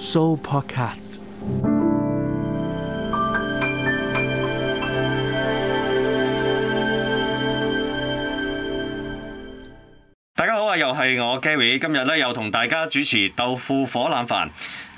Show Podcast。大家好啊，又係我 Gary，今日咧又同大家主持《豆腐火腩飯》。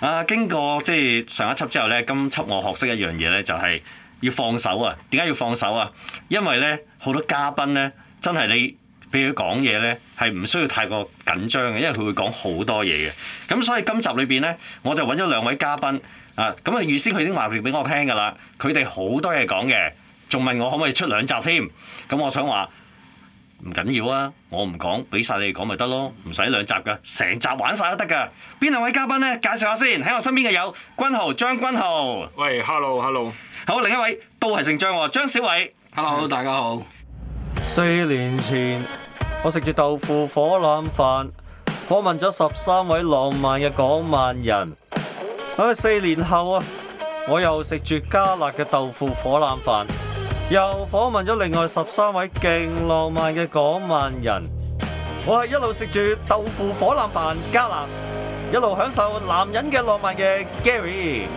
啊，經過即係、就是、上一輯之後咧，今輯我學識一樣嘢咧，就係要放手啊！點解要放手啊？因為咧好多嘉賓咧，真係你。俾佢講嘢咧，係唔需要太過緊張嘅，因為佢會講好多嘢嘅。咁所以今集裏邊咧，我就揾咗兩位嘉賓啊。咁、呃、啊，預先佢已經話嚟俾我聽㗎啦，佢哋好多嘢講嘅，仲問我可唔可以出兩集添。咁我想話唔緊要啊，我唔講，俾晒你哋講咪得咯，唔使兩集㗎，成集玩晒都得㗎。邊兩位嘉賓咧？介紹下先，喺我身邊嘅有君豪張君豪。喂，hello hello。好，另一位都係姓張喎，張小偉。Hello，大家好。四年前，我食住豆腐火腩飯，訪問咗十三位浪漫嘅港萬人。喺、啊、四年後啊，我又食住加辣嘅豆腐火腩飯，又訪問咗另外十三位勁浪漫嘅港萬人。我係一路食住豆腐火腩飯加辣，一路享受男人嘅浪漫嘅 Gary。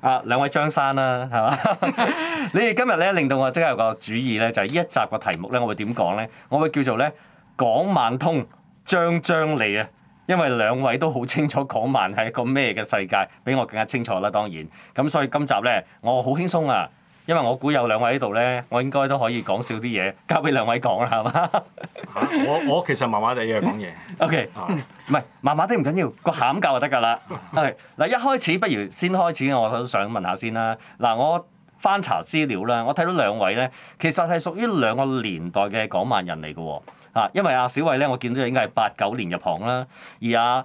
啊，兩位張生啦、啊，係嘛？ 你哋今日咧令到我即係有個主意咧，就係、是、呢一集個題目咧，我會點講咧？我會叫做咧講萬通張張嚟啊！因為兩位都好清楚講萬係一個咩嘅世界，比我更加清楚啦。當然，咁所以今集咧，我好輕鬆啊！因為我估有兩位喺度咧，我應該都可以講少啲嘢，交俾兩位講啦，係嘛、啊？我我其實麻麻地嘅講嘢。O K，唔係麻麻地唔緊要，個鹹夠就得㗎啦。係、okay. 嗱、 okay.，一開始不如先開始，我都想問下先啦。嗱，我翻查資料啦，我睇到兩位咧，其實係屬於兩個年代嘅港漫人嚟㗎喎。啊，因為阿小偉咧，我見到佢應該係八九年入行啦，而阿、啊。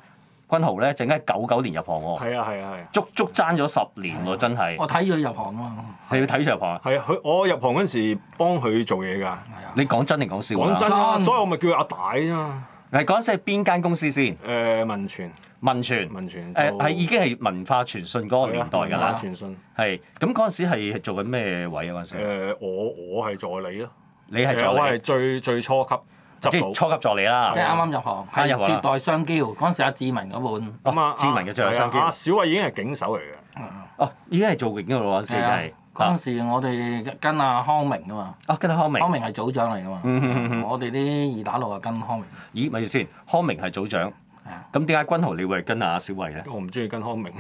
君豪咧，陣間九九年入行喎，係啊係啊係，足足爭咗十年喎，真係。我睇住佢入行啊嘛，係要睇住入行啊。係啊，佢我入行嗰陣時幫佢做嘢㗎。你講真定講笑啊？講真啊，所以我咪叫佢阿大啫嘛。誒，嗰陣時係邊間公司先？誒，文傳。文傳。文傳。誒，係已經係文化傳信嗰年代㗎啦。文化傳信。係，咁嗰陣時係做緊咩位啊？嗰陣時。誒，我我係助理咯。你係助理，我係最最初級。即係初級助理啦，即係啱啱入行，接待商機。嗰陣、啊、時阿志文嗰本，志文嘅最後商機。阿、啊啊、小慧已經係警手嚟嘅。哦、啊，已經係做刑警嘅啦。嗰陣時係，嗰陣時我哋跟阿康明噶嘛，跟阿康明，康明係組長嚟噶嘛，我哋啲二打六係跟康明。咦？咪住先，康明係組長。咁點解君豪你會跟阿小慧咧？我唔中意跟康明，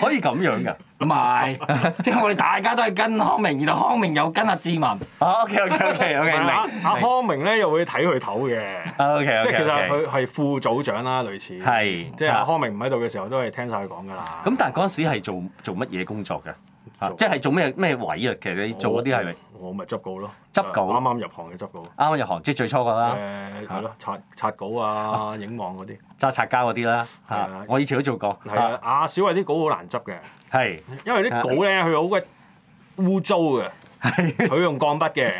可以咁樣噶，唔係，即係我哋大家都係跟康明，然後康明又跟阿志文。OK, OK, OK, 阿康明咧又會睇佢頭嘅。Oh, okay, okay, okay, okay. 即係其實佢係副組長啦、啊，類似。係。即係阿康明唔喺度嘅時候都，都係聽晒佢講噶啦。咁但係嗰陣時係做做乜嘢工作嘅？即係做咩咩位啊？其實你做嗰啲係咪？我咪執稿咯，啱啱入行嘅執稿。啱啱入行即係最初噶啦。誒係咯，擦擦稿啊，影網嗰啲，扎擦膠嗰啲啦。我以前都做過。係啊，小維啲稿好難執嘅。係，因為啲稿咧，佢好鬼污糟嘅。佢用鋼筆嘅。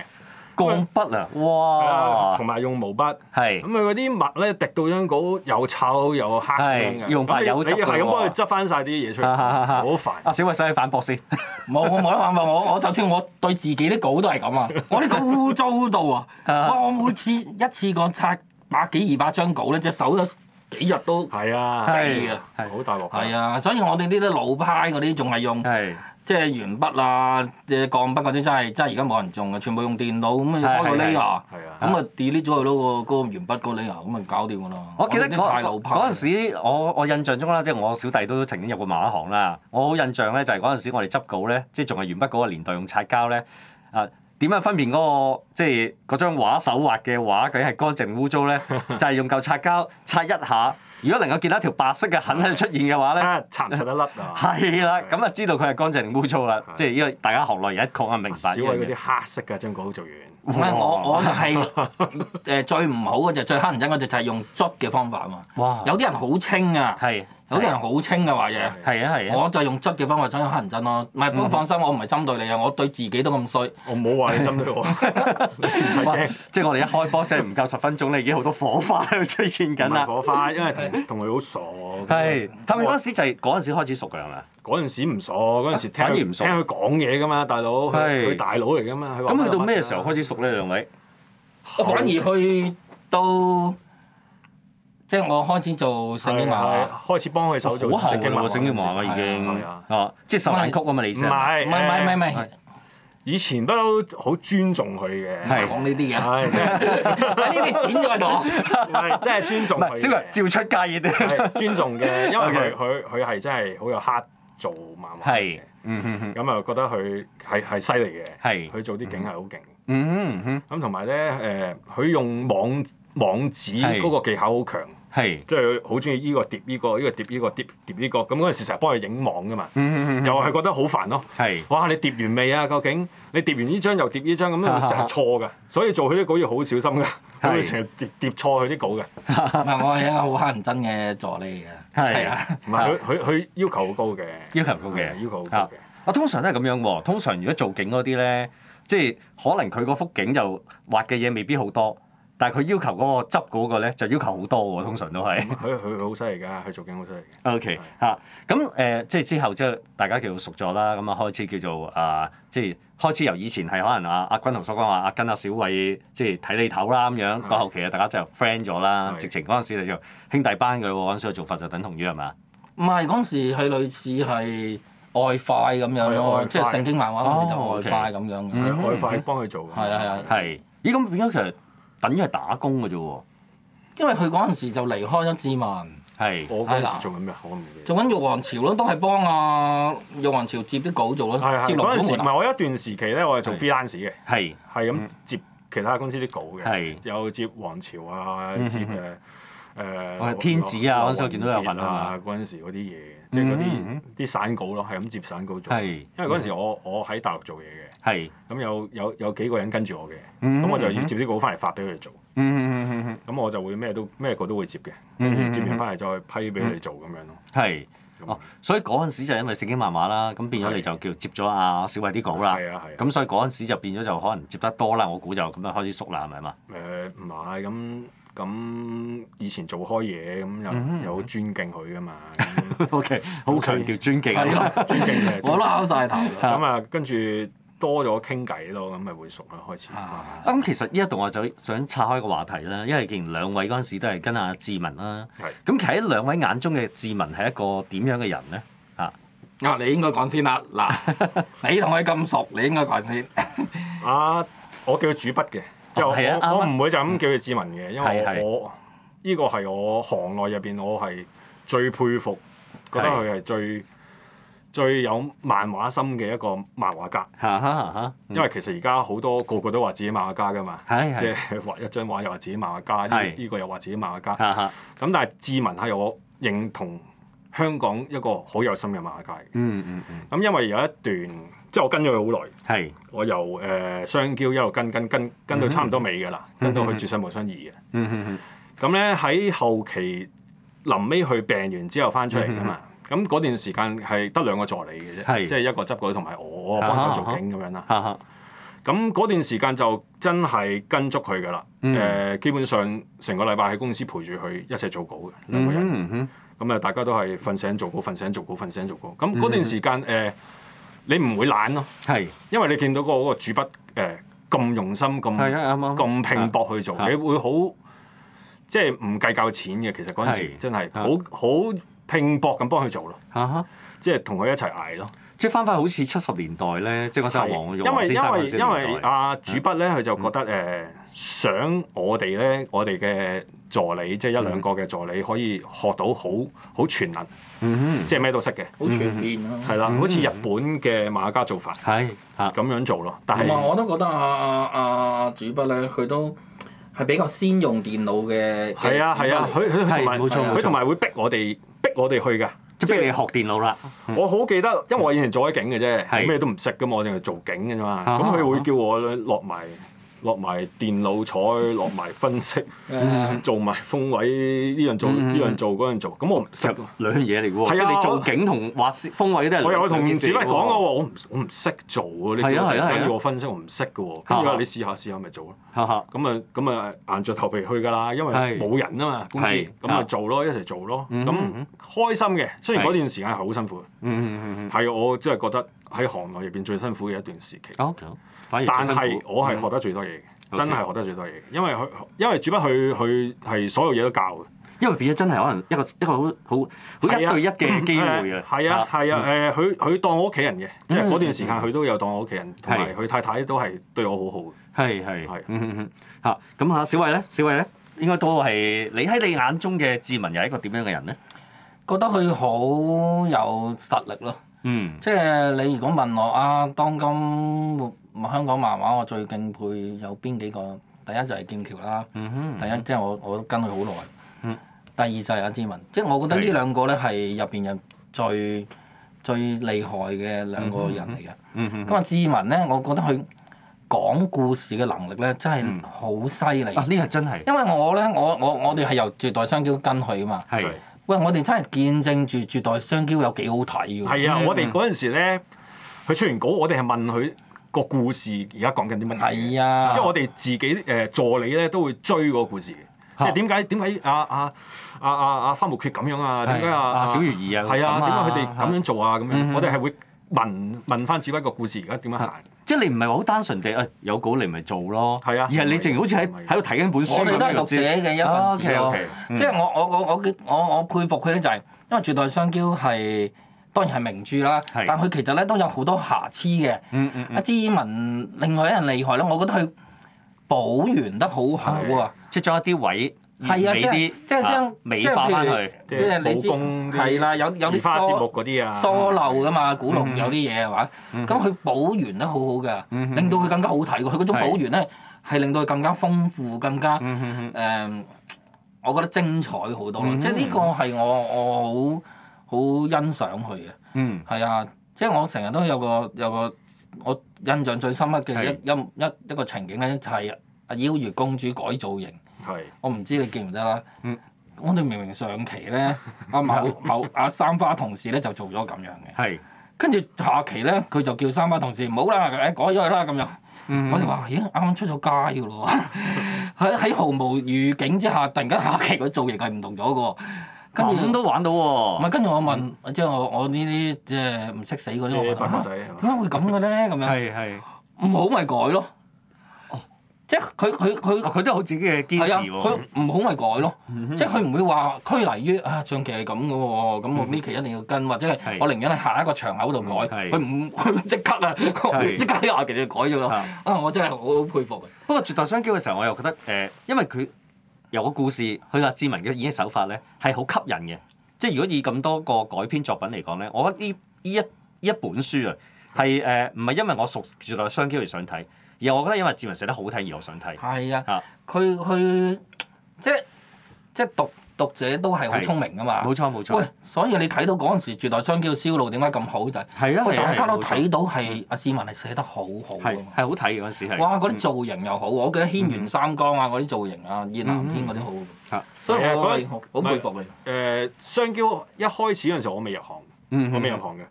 鋼筆啊，哇！同埋、啊、用毛筆，係咁佢嗰啲墨咧滴到張稿又臭又黑用筆又執嚟喎。你可以執翻晒啲嘢出嚟， 好煩。啊，小維使你反駁先，冇我冇得反駁，我我就算我對自己啲稿都係咁啊， 我啲稿污糟到啊，我每次一次過刷百幾二百張稿咧，隻手，手幾都幾日都係啊，係的好大鑊。係啊，所以我哋呢啲老派嗰啲仲係用。即係鉛筆、啊、筆啊，即係鋼筆嗰啲真係真係而家冇人用啊，全部用電腦咁啊開個 layer，咁啊 delete 咗佢嗰個嗰、嗰個鉛筆嗰個 layer，咁就搞掂㗎啦。我記得嗰嗰陣時我，我我印象中啦，即係我小弟都曾經入過畫行啦。我好印象咧，就係嗰陣時我哋執稿咧，即係仲係鉛筆嗰個年代用擦膠咧。啊，點樣分辨嗰、嗰個即係嗰張畫手畫嘅畫，佢係乾淨污糟咧？呢 就係用嚿擦膠擦一下。如果能夠見到一條白色嘅痕喺度出現嘅話咧，擦擦得甩啊！係啦，咁啊知道佢係乾淨定污糟啦，的即係依個大家學內而家確係明白。小威嗰啲黑色嘅將好做完。唔係、哦、我，我就係誒最唔好嘅 就最乞人憎，嗰隻就係用捽嘅方法嘛。哇有！有啲人好清啊。係。有啲人好清嘅話嘢，係啊係啊，我就用質嘅方法真係乞人憎咯。唔係，放心，我唔係針對你啊，我對自己都咁衰。我冇好話你針對我。唔使驚，即係我哋一開波即係唔夠十分鐘咧，已經好多火花喺度吹轉緊啦。火花，因為同同佢好傻。係，同佢嗰陣時就係嗰陣時開始熟㗎，係咪？嗰陣時唔傻，嗰陣時聽聽佢講嘢㗎嘛，大佬佢大佬嚟㗎嘛。咁去到咩時候開始熟咧？兩位反而去到。即係我開始做聖經漫畫，開始幫佢手做好行嘅聖經漫畫啦，已經即係受人曲啊嘛，你意思？唔係唔係唔係唔係，以前都好尊重佢嘅，講呢啲嘅，呢啲剪咗喺度，即係尊重佢，照出街嘅，尊重嘅，因為佢佢佢係真係好有黑做漫畫咁又覺得佢係係犀利嘅，佢做啲景係好勁。咁同埋咧，誒，佢用網。網址嗰個技巧好強，即係佢好中意依個疊依、依個依、依個疊依個疊疊、依、依個，咁嗰陣時成日幫佢影網噶嘛，嗯嗯嗯又係覺得好煩咯。是哇！你疊完未啊？究竟你疊完依張又疊依張，咁成日錯㗎，所以做佢啲稿要好小心㗎，咁咪成日疊疊錯佢啲稿嘅。唔係，我係一個乞人憎嘅助理嚟嘅，係啊， 唔係佢佢要求好高嘅、啊，要求高嘅，要求好高嘅。啊，通常都係咁樣喎。通常如果做景嗰啲咧，即係可能佢嗰幅景又畫嘅嘢未必好多。但係佢要求嗰個執嗰個咧，就要求好多喎。通常都係。佢佢好犀利㗎，佢做景好犀利。O K 嚇，咁誒即係之後即係大家叫做熟咗啦，咁啊開始叫做啊，即係開始由以前係可能啊阿君同所講話阿根阿小偉即係睇你頭啦咁樣。到後期啊，大家就 friend 咗啦，直情嗰陣時就叫兄弟班嘅喎。嗰陣時嘅做法就等同於係嘛？唔係嗰陣時係類似係外快咁樣咯，即係聖經漫畫好似就外快咁樣。外快幫佢做。係啊係啊係。咦？咁變咗其實。等於係打工嘅啫喎，因為佢嗰陣時就離開咗志文。係。我嗰陣時做緊咩刊物嘅？做緊玉皇朝咯，都係幫阿玉皇朝接啲稿做咯。係係嗰陣時，唔係我一段時期咧，我係做 freelancer 嘅。係。係咁接其他公司啲稿嘅。係。有接皇朝啊，接誒誒天子啊，嗰陣時我見到有文啊，嗰陣時嗰啲嘢，即係嗰啲啲散稿咯，係咁接散稿做。係。因為嗰陣時我我喺大陸做嘢嘅。係，咁有有有幾個人跟住我嘅，咁我就要接啲稿翻嚟發俾佢哋做。咁我就會咩都咩個都會接嘅，接完翻嚟再批俾佢哋做咁樣咯。係，哦，所以嗰陣時就因為《聖經漫畫》啦，咁變咗你就叫接咗阿小慧啲稿啦。係啊，係。咁所以嗰陣時就變咗就可能接得多啦，我估就咁就開始熟啦，係咪啊？誒唔係，咁咁以前做開嘢，咁又又好尊敬佢噶嘛。O K，好強調尊敬，尊敬佢！我都攪曬頭。咁啊，跟住。多咗傾偈咯，咁咪會熟啦開始。啊咁，其實依一度我就想拆開個話題啦，因為既然兩位嗰陣時都係跟阿志文啦，咁喺兩位眼中嘅志文係一個點樣嘅人咧？啊，啊，你應該講先啦。嗱，你同佢咁熟，你應該講先。啊，我叫佢主筆嘅，又係。我我唔會就咁叫佢志文嘅，因為我依個係我行內入邊我係最佩服，覺得佢係最。最有漫畫心嘅一個漫畫家，因為其實而家好多個個都話自己漫畫家㗎嘛，即係畫一張畫又話自己漫畫家，呢個又話自己漫畫家。咁但係志文係我認同香港一個好有心嘅漫畫家。嗯嗯，咁因為有一段即係我跟咗佢好耐，我由誒雙驕一路跟跟跟跟到差唔多尾㗎啦，跟到佢絕世無雙二嘅。咁咧，喺後期臨尾佢病完之後翻出嚟㗎嘛。咁嗰段時間係得兩個助理嘅啫，即係一個執稿同埋我我幫手做景咁樣啦。咁嗰段時間就真係跟足佢噶啦。誒，基本上成個禮拜喺公司陪住佢一齊做稿嘅，兩個人。咁啊，大家都係瞓醒做稿，瞓醒做稿，瞓醒做稿。咁嗰段時間誒，你唔會懶咯，因為你見到嗰個主筆誒咁用心、咁咁拼搏去做，你會好即係唔計較錢嘅。其實嗰陣時真係好好。拼搏咁幫佢做咯，哈哈，即係同佢一齊捱咯。即係翻翻好似七十年代咧，即係嗰陣黃玉，因為因為因為阿主筆咧，佢就覺得誒，想我哋咧，我哋嘅助理，即係一兩個嘅助理，可以學到好好全能，嗯哼，即係咩都識嘅，好全面，係啦，好似日本嘅馬家做法，係咁樣做咯。但係，我都覺得阿阿阿主筆咧，佢都。係比較先用電腦嘅，係啊係啊，佢佢同埋佢同埋會逼我哋逼我哋去㗎，即係逼你學電腦啦。就是嗯、我好記得，因為我以前做警嘅啫，咩是的 都唔識嘅嘛，我淨係做警嘅啫嘛，咁佢是的 會叫我落埋。落埋電腦彩，落埋分析，做埋風位，呢樣做呢樣做嗰樣做。咁我唔識兩樣嘢嚟喎。係啊，你做景同畫風位都係兩樣嘢。我有同事咪講過，我唔我唔識做喎。呢啲要我分析，我唔識嘅喎。跟住話你試下試下咪做咯。咁咪咁咪硬著頭皮去㗎啦，因為冇人啊嘛公司，咁咪做咯，一齊做咯。咁開心嘅，雖然嗰段時間係好辛苦。嗯嗯嗯嗯，係我即係覺得喺行內入邊最辛苦嘅一段時期。反而但係我係學得最多嘢嘅，真係學得最多嘢嘅，因為佢因為主筆佢佢係所有嘢都教嘅，因為變咗真係可能一個一個好好好一對一嘅機會嘅。係啊係啊，誒佢佢當我屋企人嘅，即係嗰段時間佢都有當我屋企人，同埋佢太太都係對我好好嘅。係係係，嚇咁嚇小偉咧，小偉咧應該都係你喺你眼中嘅志文又係一個點樣嘅人咧？覺得佢好有實力咯，即係你如果問我啊，當今香港漫畫我最敬佩有邊幾個？第一就係劍橋啦，第一即係我我都跟佢好耐。第二就係阿志文，即係我覺得呢兩個咧係入邊又最最厲害嘅兩個人嚟嘅。咁阿志文咧，我覺得佢講故事嘅能力咧，真係好犀利。呢個真係因為我咧，我我我哋係由絕代雙驕跟佢啊嘛。喂，我哋真係見證住《絕代雙驕》有幾好睇嘅。係啊，我哋嗰陣時咧，佢出完稿，我哋係問佢個故事而家講緊啲乜嘢。係啊，即係我哋自己誒助理咧都會追個故事。即係點解點解啊，啊，啊，啊，啊，花無缺咁樣啊？點解啊，小魚兒啊？係啊，點解佢哋咁樣做啊？咁樣，我哋係會問問翻自己個故事而家點樣行。即係你唔係話好單純地，誒、哎、有稿你咪做咯，啊、而係你淨係好似喺喺度睇緊本書我。我哋都係讀者嘅一份子咯。即係我我我我我佩服佢咧、就係，就係因為《絕代雙驕》係當然係名著啦，啊、但佢其實咧都有好多瑕疵嘅、嗯。嗯嗯，阿朱文另外一樣厲害咧，我覺得佢補完得好好啊，啊即係將一啲位。係啊，即係即係將美化翻佢，譬如，即係你知係啦，有有啲疏漏噶嘛，古龍有啲嘢係嘛，咁佢、mm hmm. 啊、補完都好好噶，令到佢更加好睇喎。佢嗰種補完咧係是 令到佢更加豐富，更加誒、mm hmm. 嗯，我覺得精彩好多咯。Mm hmm. 即係呢個係我我好好欣賞佢嘅，係、mm hmm. 啊，即係我成日都有個有個，有個我印象最深刻嘅一一一一個情景咧、就是，就係阿邀月公主改造型。 我唔知你記唔記得啦。我哋明明上期咧，阿某某阿三花同事咧就做咗咁樣嘅。係是。跟住下期咧，佢就叫三花同事唔好啦，改咗佢啦咁樣。嗯、我哋話：咦、eh，啱啱出咗街嘅咯喎！喺喺毫無預警之下，突然間下期佢做嘢又唔同咗，跟住咁都玩到喎、哦！唔係跟住我問，即、就、係、是、我我呢啲即係唔識死嗰啲。你笨閪仔。點解、啊、會咁嘅咧？咁樣。唔、嗯、好咪改咯。 即佢佢佢，佢都有自己嘅堅持喎。佢唔好咪改咯，即係佢唔會話拘泥於啊上期係咁嘅喎，咁我呢期一定要跟，或者係我寧願喺下一個場口度改。佢唔佢即刻啊，即刻喺下期就改咗咯。啊，我真係好好佩服嘅。不過絕代雙驕嘅時候，我又覺得誒，因為佢有個故事佢阿志文嘅演繹手法咧係好吸引嘅。即係如果以咁多個改編作品嚟講咧，我覺得呢呢一一本書啊係誒唔係因為我熟絕代雙驕而想睇。而我覺得因為志文寫得好睇，而我想睇。係啊，佢佢即即讀讀者都係好聰明㗎嘛。冇錯冇錯。喂，所以你睇到嗰陣時《絕代雙驕》銷路點解咁好就係，大家都睇到係阿志文係寫得好好啊係好睇嗰陣時係。哇！嗰啲造型又好，我記得《軒轅三光》啊，嗰啲造型啊，《燕南天》嗰啲好。係。所以我係好佩服你。誒，雙驕一開始嗰陣時，我未入行。嗯。我未入行嘅。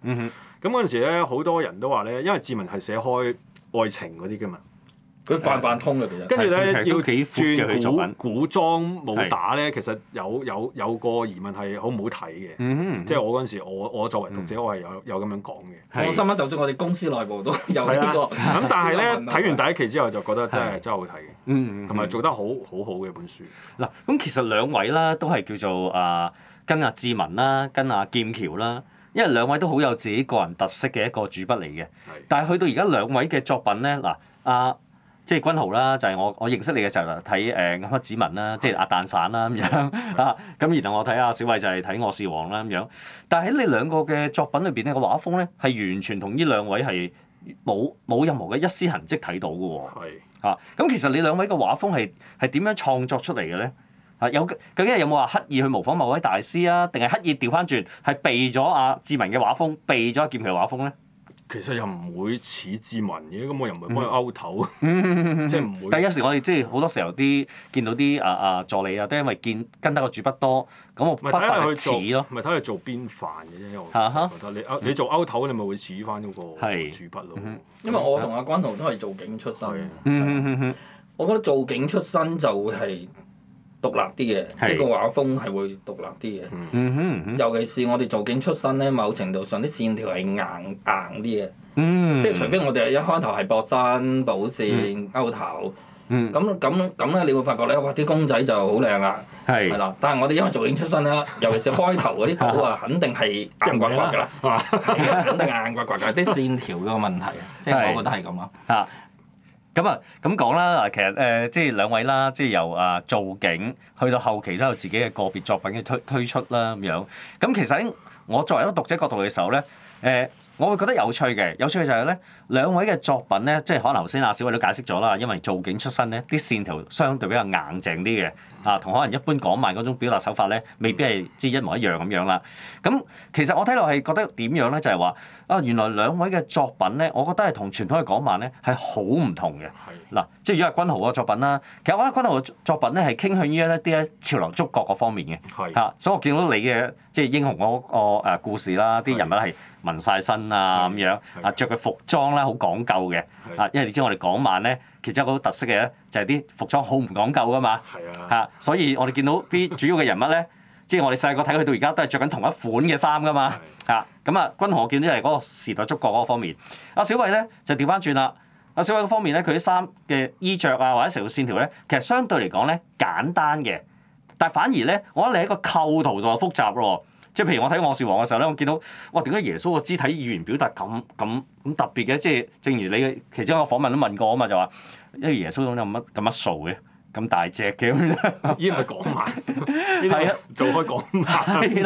咁嗰陣時咧，好多人都話咧，因為志文係寫開。愛情嗰啲嘅嘛，佢泛泛通嘅，其實跟住咧要轉古古裝武打咧，其實有有有個疑問係好唔好睇嘅，即係我嗰陣時，我我作為讀者，我係有有咁樣講嘅。我心諗，就算我哋公司內部都有呢個。咁但係咧，睇完第一期之後就覺得真係真係好睇嘅，同埋做得好好好嘅本書。嗱，咁其實兩位啦，都係叫做啊，跟阿志文啦，跟阿劍橋啦。因為兩位都好有自己個人特色嘅一個主筆嚟嘅，的但係去到而家兩位嘅作品咧，嗱、啊、阿即係君豪啦，就係、是、我我認識你嘅時候啦，睇誒阿子文啦，的即係阿蛋散啦咁樣啊，咁的、啊、然後我睇阿小慧就，就係睇我視王啦咁樣，但係喺你兩個嘅作品裏邊咧，個畫風咧係完全同呢兩位係冇冇任何嘅一絲痕跡睇到嘅喎，啊，咁的、啊、其實你兩位嘅畫風係係點樣創作出嚟嘅咧？啊有究竟有冇話刻意去模仿某位大師啊？定係刻意調翻轉係避咗阿志文嘅畫風，避咗阿劍橋嘅畫風咧？其實又唔會似志文嘅，咁我又唔係幫佢勾頭，即係唔會。但有時我哋即係好多時候啲見到啲阿阿助理啊，都因為見跟得個主筆多，咁我咪睇下去似咯。咪睇佢做邊範嘅啫？我覺得你你做勾頭，你咪會似翻嗰個主筆咯。因為我同阿關豪都係做景出身嘅。我覺得做景出身就會係。獨立啲嘅，即係個畫風係會獨立啲嘅。尤其是我哋造景出身咧，某程度上啲線條係硬硬啲嘅。即係除非我哋一開頭係薄身補線勾頭。嗯。咁咁咁咧，你會發覺咧，哇！啲公仔就好靚啦。係。係咯，但係我哋因為造景出身啦，尤其是開頭嗰啲寶啊，肯定係硬骨骨㗎啦。係啊，肯定硬骨骨㗎，啲線條嘅問題，即係我覺得係咁咯。啊。咁啊，咁講啦，嗱，其實誒、呃，即係兩位啦，即係由啊造景去到後期都有自己嘅個別作品嘅推推出啦咁樣。咁其實我作為一個讀者角度嘅時候咧，誒、呃，我會覺得有趣嘅。有趣嘅就係咧，兩位嘅作品咧，即係可能頭先阿小偉都解釋咗啦，因為造景出身咧，啲線條相對比較硬淨啲嘅。啊，同可能一般港漫嗰種表達手法咧，未必係即係一模一樣咁樣啦。咁其實我睇落係覺得點樣咧？就係、是、話啊，原來兩位嘅作品咧，我覺得係同傳統嘅港漫咧係好唔同嘅。嗱的，即係如果係君豪嘅作品啦，其實我覺得君豪嘅作品咧係傾向於一啲咧潮流觸覺嗰方面嘅。係的、啊。所以我見到你嘅即係英雄嗰個誒故事啦，啲人物係。的紋晒身啊咁樣啊，著嘅的服裝咧好講究嘅啊，的因為你知我哋港漫咧，其中一個好特色嘅咧就係啲服裝好唔講究噶嘛嚇的、啊，所以我哋見到啲主要嘅人物咧， 即係我哋細個睇佢到而家都係着緊同一款嘅衫噶嘛嚇，咁的啊，均、嗯、衡我見到係嗰個時代觸覺嗰方面。阿小慧咧就調翻轉啦，阿小慧嘅方面咧，佢啲衫嘅衣着啊或者成個線條咧，其實相對嚟講咧簡單嘅，但係反而咧，我覺得你喺個構圖就複雜咯。即係譬如我睇《我是王》嘅時候咧，我見到哇，點解耶穌個肢體語言表達咁咁咁特別嘅？即係正如你其中一個訪問都問過啊嘛，就話因為耶穌總之有乜咁乜數嘅，咁大隻嘅咁咧，依係咪講漫？係啊，做開講漫，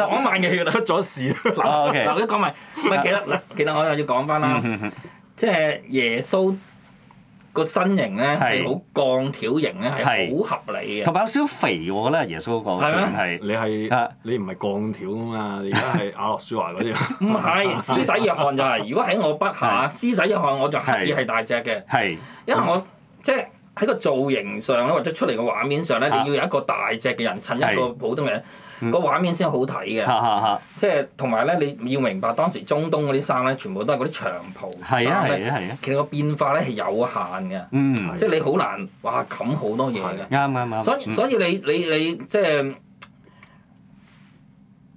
講漫嘅戲出咗事啦。Oh, OK，留啲講埋，唔係記得嗱，記得，記得我又要講翻啦， 嗯、哼即係耶穌。個身形咧，係好鋼條型，咧係好合理嘅，同埋是有少少肥喎，我覺得耶穌講嘅，你係你唔係鋼條㗎嘛，你而家係阿諾舒華嗰啲。唔係施洗約翰就係、是，如果喺我筆下施是洗約翰，我就刻意係大隻嘅，是因為我即係喺個造型上咧，或者出嚟嘅畫面上咧，你要有一個大隻嘅人襯一個普通人，人。個、嗯、 畫面先好睇嘅，即係同埋咧，你要明白當時中東嗰啲衫咧，全部都係嗰啲長袍，是是是是其實個變化咧係有限嘅，即係、 嗯、你好難話冚好多嘢嘅。啱啱啱。所以所以你你你即係，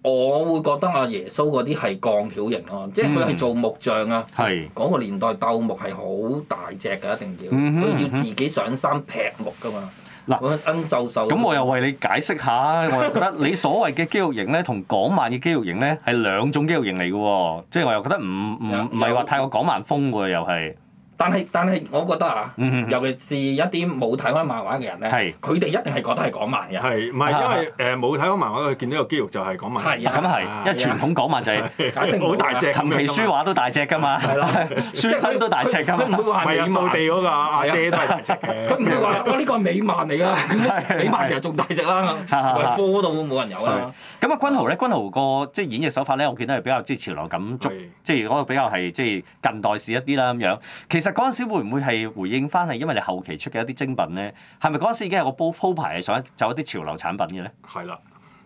我會覺得阿耶穌嗰啲係鋼條型咯，即係佢係做木匠啊。嗰 個年代鬥木係好大隻㗎，一定要佢要自己上山劈木噶嘛。嗱，奀瘦瘦咁，我又為你解釋下， 我又覺得你所謂嘅肌肉型咧，同港漫嘅肌肉型咧，係兩種肌肉型嚟㗎喎，即係我又覺得唔唔唔係話太過港漫風喎，又係。但係但係，我覺得啊，尤其是一啲冇睇開漫畫嘅人咧，佢哋一定係覺得係港漫嘅。係唔係因為誒冇睇開漫畫，佢見到個肌肉就係港漫？係咁係，因為傳統港漫就係好大隻。琴棋書畫都大隻㗎嘛，書生都大隻㗎嘛。唔會話掃地嗰個阿姐都係大隻。佢唔係話呢個係美漫嚟㗎，美漫其實仲大隻啦，仲係科度冇人有啦。咁啊，君豪咧，君豪個即係演繹手法咧，我見得係比較即係潮流感足，即係嗰個比較係即係近代史一啲啦咁樣。其其實嗰陣時會唔會係回應翻？係因為你後期出嘅一啲精品咧，係咪嗰陣時已經係個鋪鋪排嘅，想走一啲潮流產品嘅咧？係啦，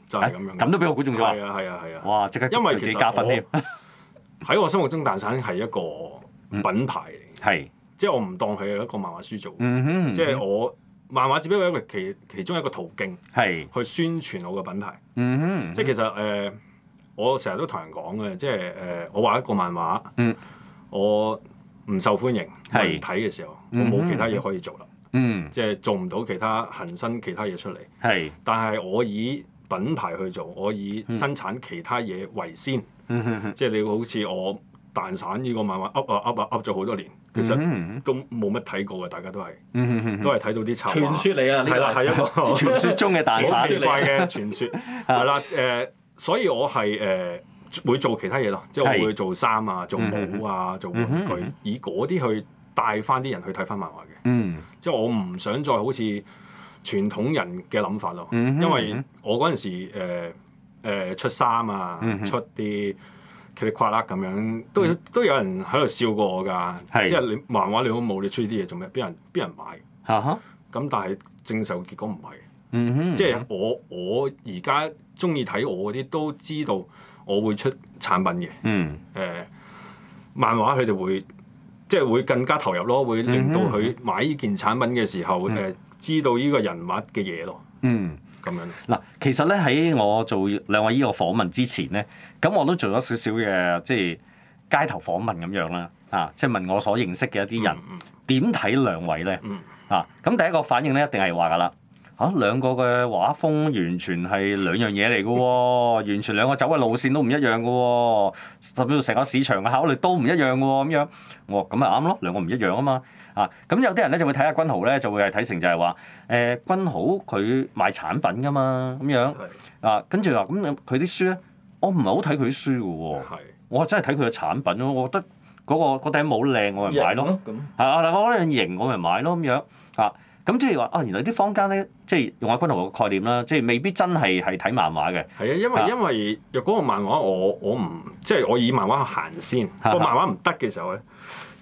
就係咁樣，咁都俾我估中咗。係啊，係啊，係啊！哇，即刻自己加分添。喺我心目中，蛋散係一個品牌嚟，係即係我唔當佢係一個漫畫書做。即係我漫畫只不過係一個其其中一個途徑，係去宣傳我嘅品牌。即係其實誒，我成日都同人講嘅，即係誒，我畫一個漫畫，我。唔受歡迎唔睇嘅時候，是我冇其他嘢可以做啦。嗯、即係做唔到其他恆生其他嘢出嚟。是但係我以品牌去做，我以生產其他嘢為先。嗯嗯、即係你好似我蛋散呢個漫畫噏啊噏啊噏咗好多年，其實都冇乜睇過嘅，大家都係，嗯、都係睇到啲炒話。傳說嚟啊，係啦，係一個傳說中嘅蛋散嚟，奇怪嘅傳說。係啦， 誒、uh,，所以我係誒。Uh, 會做其他嘢咯，即係我會做衫啊，啊、做帽啊、做玩具，以嗰啲去帶翻啲人去睇翻漫畫嘅。嗯、即係我唔想再好似傳統人嘅諗法咯，嗯、哼因為我嗰陣時誒誒、呃呃、出衫啊、出啲奇奇跨啦咁樣，都、嗯、都有人喺度笑過我㗎。是即係你漫畫你好、你個冇，你出呢啲嘢做咩？邊人邊人買？咁但係正受結果唔係，即係我我而家中意睇我嗰啲都知道。我會出產品嘅，誒、嗯呃、漫畫佢哋會即係會更加投入咯，會令到佢買依件產品嘅時候，誒、嗯呃、知道依個人物嘅嘢咯。嗯，咁樣。嗱，其實咧喺我做兩位依個訪問之前咧，咁我都做咗少少嘅即係街頭訪問咁樣啦，啊，即係問我所認識嘅一啲人點睇、嗯嗯、兩位咧，嗯、啊，咁第一個反應咧一定係話噶啦。嚇、啊、兩個嘅畫風完全係兩樣嘢嚟嘅喎，完全兩個走嘅路線都唔一樣嘅喎、哦，甚至乎成個市場嘅考慮都唔一樣喎咁、哦、樣。我話咁咪啱咯，兩個唔一樣啊嘛。啊，咁有啲人咧就會睇下君豪咧，就會係睇成就係話，誒、呃、君豪佢賣產品㗎嘛咁樣。啊，跟住話咁佢啲書咧，我唔係好睇佢啲書嘅喎、哦。我的真係睇佢嘅產品咯，我覺得嗰、那個嗰頂帽靚，我咪買咯。型係啊，嗱，我嗰樣型我咪買咯咁樣啊。啊啊咁、嗯、即係話啊，原來啲坊間咧，即係用阿君豪個概念啦，即係未必真係係睇漫畫嘅。係啊，因為因為若果個漫畫我，我我唔即係我以漫畫行先。個的漫畫唔得嘅時候咧，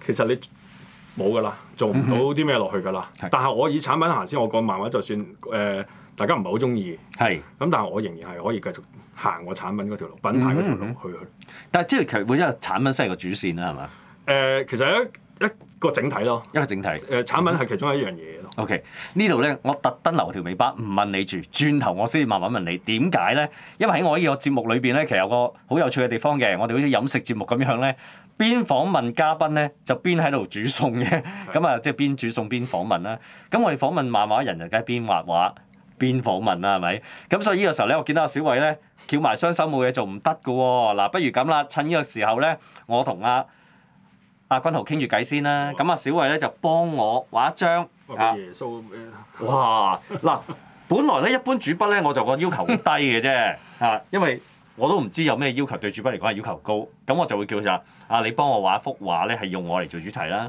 其實你冇噶啦，做唔到啲咩落去噶啦。的但係我以產品行先，我個漫畫就算誒、呃、大家唔係好中意，係咁的，但係我仍然係可以繼續行我產品嗰條路、品牌嗰條路去、嗯、去。去去但係即係其實本身係產品先係個主線啦，係嘛？誒、呃，其實咧。一個整體咯，一個整體。誒、呃、產品係其中一樣嘢咯。嗯、OK，呢度咧，我特登留條尾巴，唔問你住，轉頭我先慢慢問你點解咧？因為喺我呢個節目裏邊咧，其實有個好有趣嘅地方嘅。我哋好似飲食節目咁樣咧，邊訪問嘉賓咧，就邊喺度煮餸嘅。咁啊的、嗯，即係邊煮餸邊訪問啦。咁我哋訪問漫畫人就梗係邊畫畫邊訪問啦，係咪？咁所以呢個時候咧，我見到阿小偉咧翹埋雙手冇嘢做唔得㗎喎。嗱，不如咁啦，趁呢個時候咧，我同阿阿君豪傾住偈先啦，咁阿哇小慧咧就幫我畫一張。畫耶穌咁樣。啊、哇！嗱、啊，本來咧 一般主筆咧我就個要求好低嘅啫，嚇、啊，因為我都唔知有咩要求對主筆嚟講係要求高，咁我就會叫佢就啊你幫我畫一幅畫咧係用我嚟做主題啦。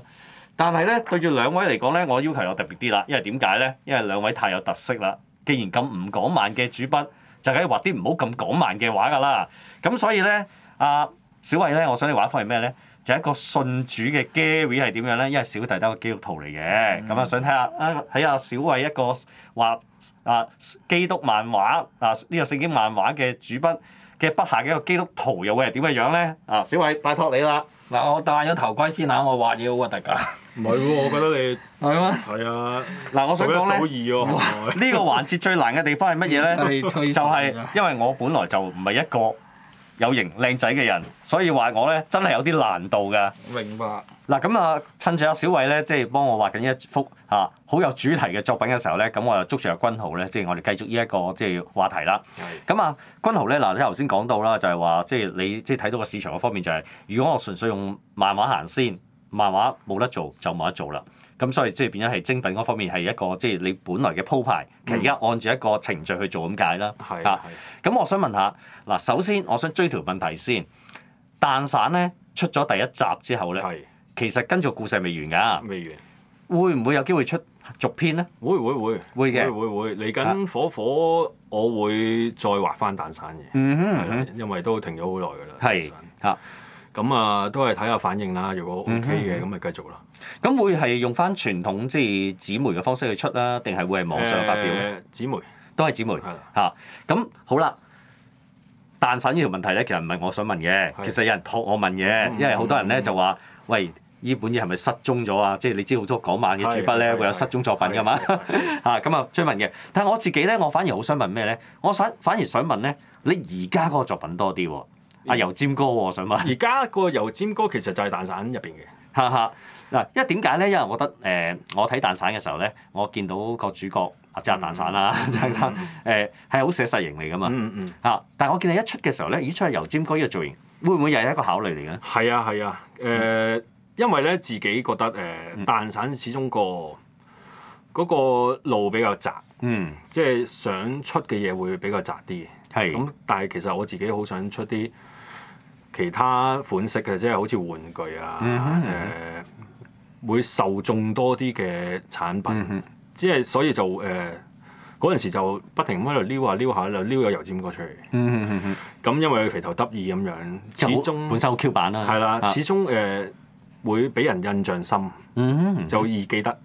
但係咧對住兩位嚟講咧，我要求又特別啲啦，因為點解咧？因為兩位太有特色啦。既然咁唔講慢嘅主筆，就梗係畫啲唔好咁講慢嘅畫㗎啦。咁所以咧，阿、啊、小慧咧，我想你畫一幅係咩咧？就係一個信主嘅 Gary 係點樣咧？因為小弟都係一個基督徒嚟嘅，咁啊、嗯、想睇下啊睇下小偉一個畫啊基督漫畫啊呢個聖經漫畫嘅主筆嘅筆下嘅一個基督徒又會係點嘅樣咧？啊，小偉拜託你啦！嗱，我戴咗頭盔先啦，我畫嘢好核突噶。唔係喎，我覺得你係咩？係嗎啊！嗱、哦，我想講咧，呢 個環節最難嘅地方係乜嘢咧？說說 就係因為我本來就唔係一個有型靚仔嘅人，所以話我咧真係有啲難度㗎。明白。嗱咁啊，趁住阿小偉咧，即係幫我畫緊一幅嚇好有主題嘅作品嘅時候咧，咁我就捉住阿君豪咧，即係我哋繼續呢一個即係話題啦。咁啊，君豪咧嗱，你頭先講到啦，就係話即係你即係睇到個市場嗰方面，就係如果我純粹用漫畫行先，漫畫冇得做就冇得做啦。咁所以即係變咗係精品嗰方面係一個即係、就是、你本來嘅鋪排，其實而家按住一個程序去做咁解啦。嚇、嗯，咁、啊、我想問下，嗱，首先我想追條問題先。蛋散咧出咗第一集之後咧，是其實跟住故事係未完㗎？未完。會唔會有機會出續篇咧？會會會。會嘅。會會的會，嚟緊火火，我會再畫翻蛋散嘅、嗯。嗯哼。因為都停咗好耐㗎啦。係。嚇。咁啊，都係睇下反應啦。如果 OK 嘅，咁咪繼續啦。咁會係用翻傳統即係紙媒嘅方式去出啦，定係會係網上發表咧？紙媒、呃、都係紙媒嚇。咁的、啊、好啦，但曬呢條問題咧，其實唔係我想問嘅。的其實有人託我問嘅，嗯、因為好多人咧、嗯嗯、就話：喂，呢本嘢係咪失蹤咗啊？即係你知好多港漫嘅主筆咧會有失蹤作品噶嘛嚇。咁啊追問嘅。 但係我自己咧，我反而好想問咩咧？我想我反而想問咧，你而家嗰個作品多啲喎。阿油尖哥喎，我想問。而家個油尖哥其實就係蛋散入邊嘅。哈哈，嗱，因為點解咧？因為我覺得誒、呃，我睇蛋散嘅時候咧，我見到個主角即係蛋散啦，即係蛋散誒係好寫實型嚟噶嘛。嗯嗯。嚇、嗯啊！但係我見你一出嘅時候咧，咦出係油尖哥呢個造型，會唔會又係一個考慮嚟嘅？係啊係啊，誒、啊呃，因為咧自己覺得誒蛋散始終、個嗰、個路比較窄。嗯。即、就、係、是、想出嘅嘢會比較窄啲。係。咁但係其實我自己好想出啲其他款式嘅即係好似玩具啊，誒會受眾多啲嘅產品，即係所以就誒嗰陣時就不停咁喺度撩下撩下，就撩有油尖哥出嚟。咁因為佢肥頭耷耳咁樣，始終本身好 Q 版啦。係啦，始終誒會俾人印象深，就易記得。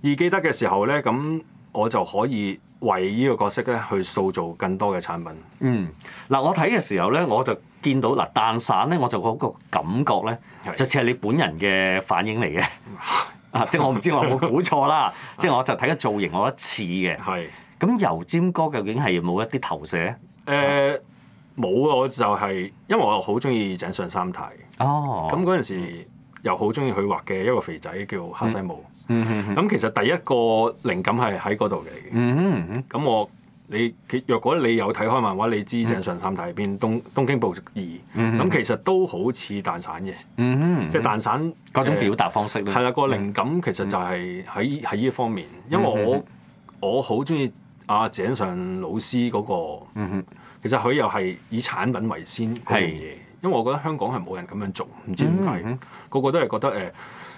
易記得嘅時候咧，咁我就可以為呢個角色咧去塑造更多嘅產品。嗱，我睇嘅時候咧，我就。見到嗱，蛋散咧，我就嗰個感覺咧，是就似係你本人嘅反應嚟嘅。啊 即係我唔知我有冇估錯啦。即係我就睇個造型，我一次嘅。係是。咁油尖哥究竟係冇一啲投射？誒、呃，冇啊！我就係、是、因為我好中意井上三太。哦。咁嗰陣時又好中意佢畫嘅一個肥仔叫黑西姆。咁、嗯嗯嗯嗯、其實第一個靈感係喺嗰度嚟嘅。咁、嗯嗯嗯、我。你若果你有睇開漫畫，你知井上三太喺邊東，東京暴族二咁，嗯、哼其實都好似蛋散嘅，即係、嗯、哼蛋散嗰種表達方式咧。係啦、呃，個靈感其實就係喺喺依一方面，因為我我好中意阿井上老師嗰、那個，嗯、哼其實佢又係以產品為先嗰樣嘢，是因為我覺得香港係冇人咁樣做，唔知點解個個都係覺得誒。呃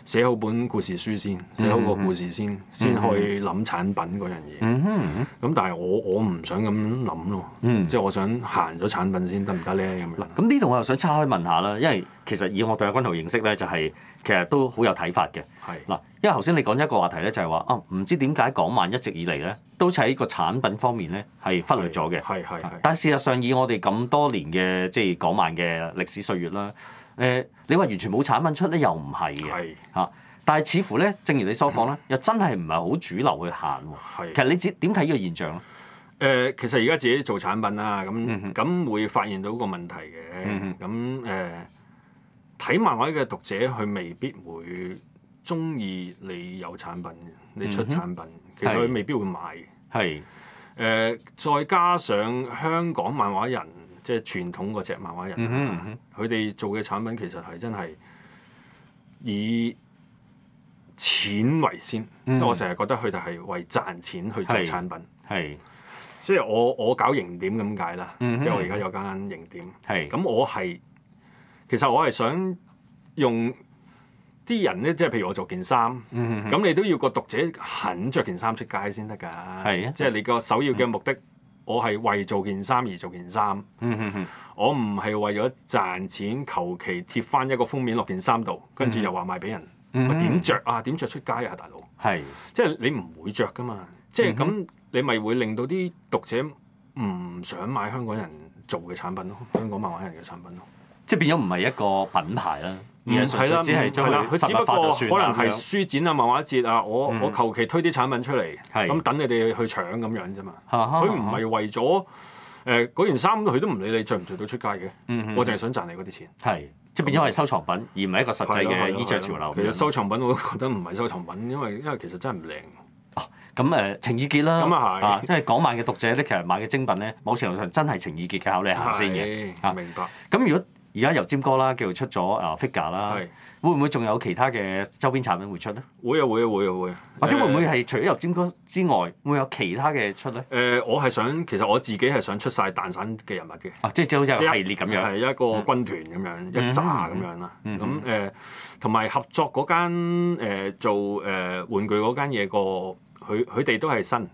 寫好本故事書先，寫好個故事先，mm hmm. 先去諗產品嗰、mm hmm. 樣嘢。咁但係我我唔想咁諗咯，hmm. 即係我想行咗產品先得唔得咧咁樣。咁呢度我又想岔開問下啦，因為其實以我對阿君豪認識咧，就係、是。其實都好有睇法嘅。嗱是，因為頭先你講一個話題咧，就係話啊，唔知點解港漫一直以嚟咧都喺個產品方面咧係忽略咗嘅。但事實上，以我哋咁多年嘅即係港漫嘅歷史歲月啦，誒、呃，你話完全冇產品出咧又唔係嘅。是但係似乎咧，正如你所講啦， 又真係唔係好主流去行喎是、呃。其實你點點睇呢個現象咧？誒，其實而家自己做產品啦，咁咁會發現到個問題嘅。咁誒。睇漫畫嘅讀者，佢未必會中意你有產品，你出產品，mm hmm. 其實佢未必會買。係、mm hmm. 呃，再加上香港漫畫人，即係傳統嗰隻漫畫人，佢哋、mm hmm. 做嘅產品其實係真係以錢為先。即係、mm hmm. 我成日覺得佢哋係為賺錢去做產品。Mm hmm. 即係我我搞營店咁解啦。Mm hmm. 即係我而家有間營店。係、mm，咁、hmm. 我係。其實我係想用啲人咧，即係譬如我做件衫，咁、嗯、哼你都要個讀者肯着件衫出街先得噶。啊、即係你個首要嘅目的，嗯、哼我係為做件衫而做件衫。嗯、哼我唔係為咗賺錢，求其貼翻一個封面落件衫度，跟住又話賣俾人。嗯哼，點着啊？點着出街啊？大佬，係是，即係你唔會着噶嘛？即係咁，嗯、哼你咪會令到啲讀者唔想買香港人做嘅產品咯，香港漫畫人嘅產品咯。即係變咗唔係一個品牌啦，而係純粹只係將佢實物化算啦。佢只不過可能係書展啊、漫畫節啊，我我求其推啲產品出嚟，咁等你哋去搶咁樣啫嘛。佢唔係為咗誒嗰件衫，佢都唔理你著唔著到出街嘅。我就係想賺你嗰啲錢。即係變咗係收藏品，而唔係一個實際嘅衣著潮流。其實收藏品我都覺得唔係收藏品，因為因為其實真係唔靚。哦，咁誒情意結啦，咁啊係即係港漫嘅讀者咧，其實買嘅精品咧，某程度上真係情意結嘅考慮下先嘅。明白。咁如果而家油尖哥啦，叫做出咗啊 figure 啦，是會唔會仲有其他嘅周邊產品會出咧、啊？會啊會啊會啊會！或者會唔會係除咗油尖哥之外，會有其他嘅出咧？誒、呃，我係想其實我自己係想出晒蛋散嘅人物嘅、啊，即即好似系列咁樣，係一、一個軍團咁樣、嗯、一紮咁樣啦。咁誒同埋合作嗰間誒做誒、呃、玩具嗰間嘢個佢佢哋都係新，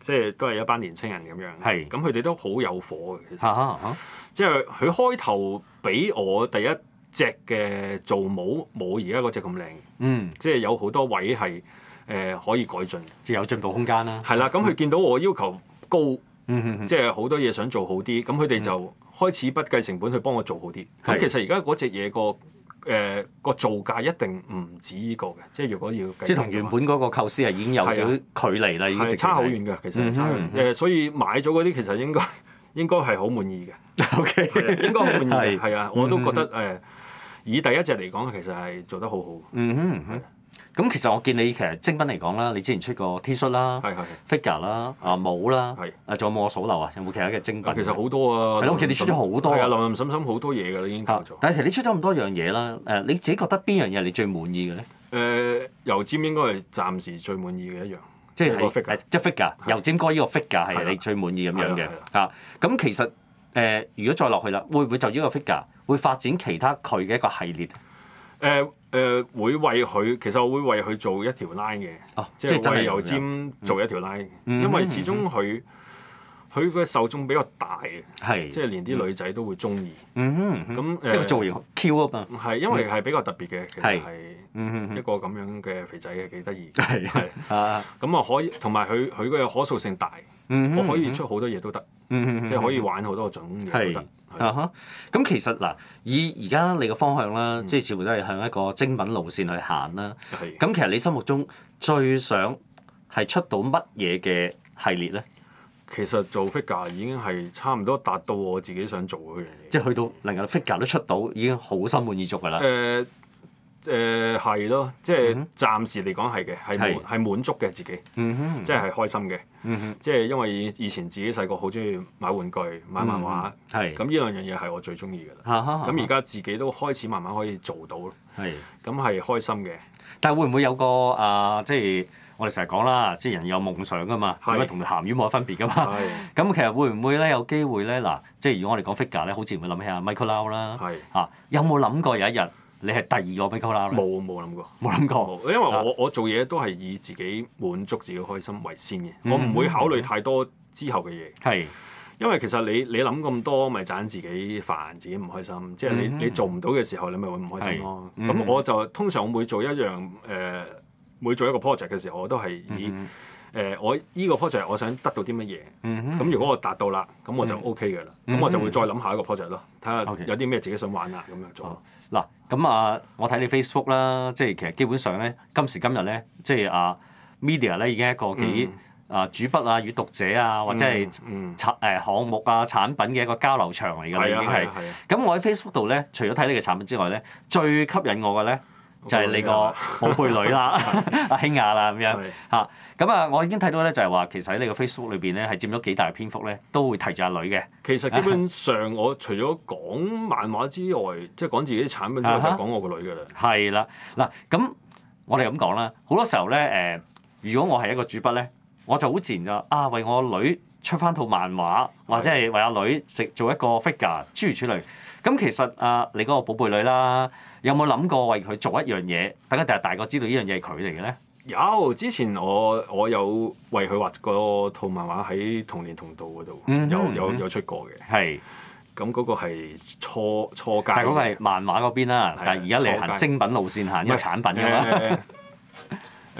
即係都係一班年青人咁樣。係咁，佢哋都好有火嘅，其實。即係佢開頭俾我第一隻嘅做模模，而家嗰隻咁靚，即係有好多位係誒可以改進，即係有進步空間啦。係啦，咁佢見到我要求高，即係好多嘢想做好啲，咁佢哋就開始不計成本去幫我做好啲。咁其實而家嗰隻嘢個誒個造價一定唔止依個嘅，即係如果要計，即係同原本嗰個構思係已經有少少距離啦，已經差好遠㗎，其實誒，所以買咗嗰啲其實應該。應該係好滿意嘅，OK，應該好滿意，係啊，我都覺得誒，以第一隻嚟講，其實係做得好好。嗯哼，咁其實我見你其實精品嚟講啦，你之前出過 T-shirt 啦，figure 啦，啊帽啦，仲有冇我數漏啊？有冇其他嘅精品？其實好多啊，係咯，其實你出咗好多，係啊，林林審審好多嘢㗎啦，已經出咗。但係其實你出咗咁多樣嘢啦，誒你自己覺得邊樣嘢係你最滿意嘅咧？誒油漬應該係暫時最滿意嘅一樣。即係 figure，即 figure，由尖哥呢個 figure 係你最滿意咁樣嘅嚇。咁、啊、其實誒、呃，如果再落去啦，會唔會就呢個 figure 會發展其他佢嘅一個系列？誒誒、呃呃，會為佢，其實我會為佢做一條 line 嘅。啊、即係就係油尖做一條 line，嗯、因為始終佢。嗯嗯嗯佢個受眾比較大，係即係連啲女仔都會中意。嗯哼，咁一個造型 Q 啊嘛，係因為係比較特別嘅，其實係一個咁樣嘅肥仔嘅幾得意。係係咁啊可以，同埋佢佢嗰個可塑性大，我可以出好多嘢都得，即係可以玩好多種嘢都得。啊咁其實嗱，以而家你嘅方向啦，即係似乎都係向一個精品路線去行啦。係。咁其實你心目中最想係出到乜嘢嘅系列咧？其實做 figure 已經係差唔多達到我自己想做嗰樣嘢，即係去到能夠 figure 都出到，已經好心滿意足㗎啦。誒誒係咯，即係暫時嚟講係嘅，係係滿，是滿足嘅自己。嗯哼，即係開心嘅。嗯、哼即係因為以前自己細個好中意買玩具、買漫畫，咁呢、嗯、兩樣嘢係我最中意㗎啦。咁而家自己都開始慢慢可以做到，係咁係開心嘅。但係會唔會有個啊、呃？即係。我哋成日講啦，即係人有夢想噶嘛，咁樣同鹹魚冇乜分別噶嘛。咁其實會唔會咧有機會咧？嗱，即係如果我哋講 figure 咧，好自然會諗起阿 Michael Lau 啦。嚇，有冇諗過有一日你係第二個 Michael Lau？冇冇諗過，冇諗過。因為我我做嘢都係以自己滿足自己開心為先嘅，我唔會考慮太多之後嘅嘢。係，因為其實你你諗咁多，咪盞自己煩，自己唔開心。即係你你做唔到嘅時候，你咪會唔開心咯。咁我就通常我會做一樣誒。每做一個 project 嘅時候，我都係以誒、嗯呃，我依、這個 project 我想得到啲乜嘢，咁、嗯、哼如果我達到啦，咁我就 OK 嘅啦，咁、嗯、我就會再諗下一個 project 咯，睇下有啲咩自己想玩啊咁樣做。嗱、okay.，咁啊、嗯，我睇你 Facebook 啦，即係其實基本上咧，今時今日咧，即係啊 media 咧已經係一個幾啊主筆啊與、嗯、讀者啊或者係產誒項目啊產品嘅一個交流場嚟㗎啦，嗯嗯、已經係。咁、嗯嗯嗯、我喺 Facebook 度咧，除咗睇你嘅產品之外咧，最吸引我嘅咧，呢就係你個寶貝女啦，阿馨亞啦咁樣嚇，咁是啊，我已經睇到咧，就係話其實喺你個 Facebook 裏邊咧，係佔咗幾大篇幅咧，都會提住阿女嘅。其實基本上我除咗講漫畫之外，即係講自己啲產品之外，就 講我個女嘅啦。係啦 啊，嗱咁我哋咁講啦，好多時候咧誒，如果我係一個主筆咧，我就好自然就啊為我個女出翻套漫畫，或者係為阿女食做一個 figure 諸如此類。咁其實啊，你嗰個寶貝女啦，有冇諗過為佢做一樣嘢，等佢第日大個知道呢樣嘢係佢嚟嘅咧？有，之前我我有為佢畫過套漫畫喺《童年同道》嗰度，有有有出過嘅。係咁，嗰個係初初階，但係嗰個係漫畫嗰邊啦。的但係而家嚟行精品路線，行的一個產品嘅話，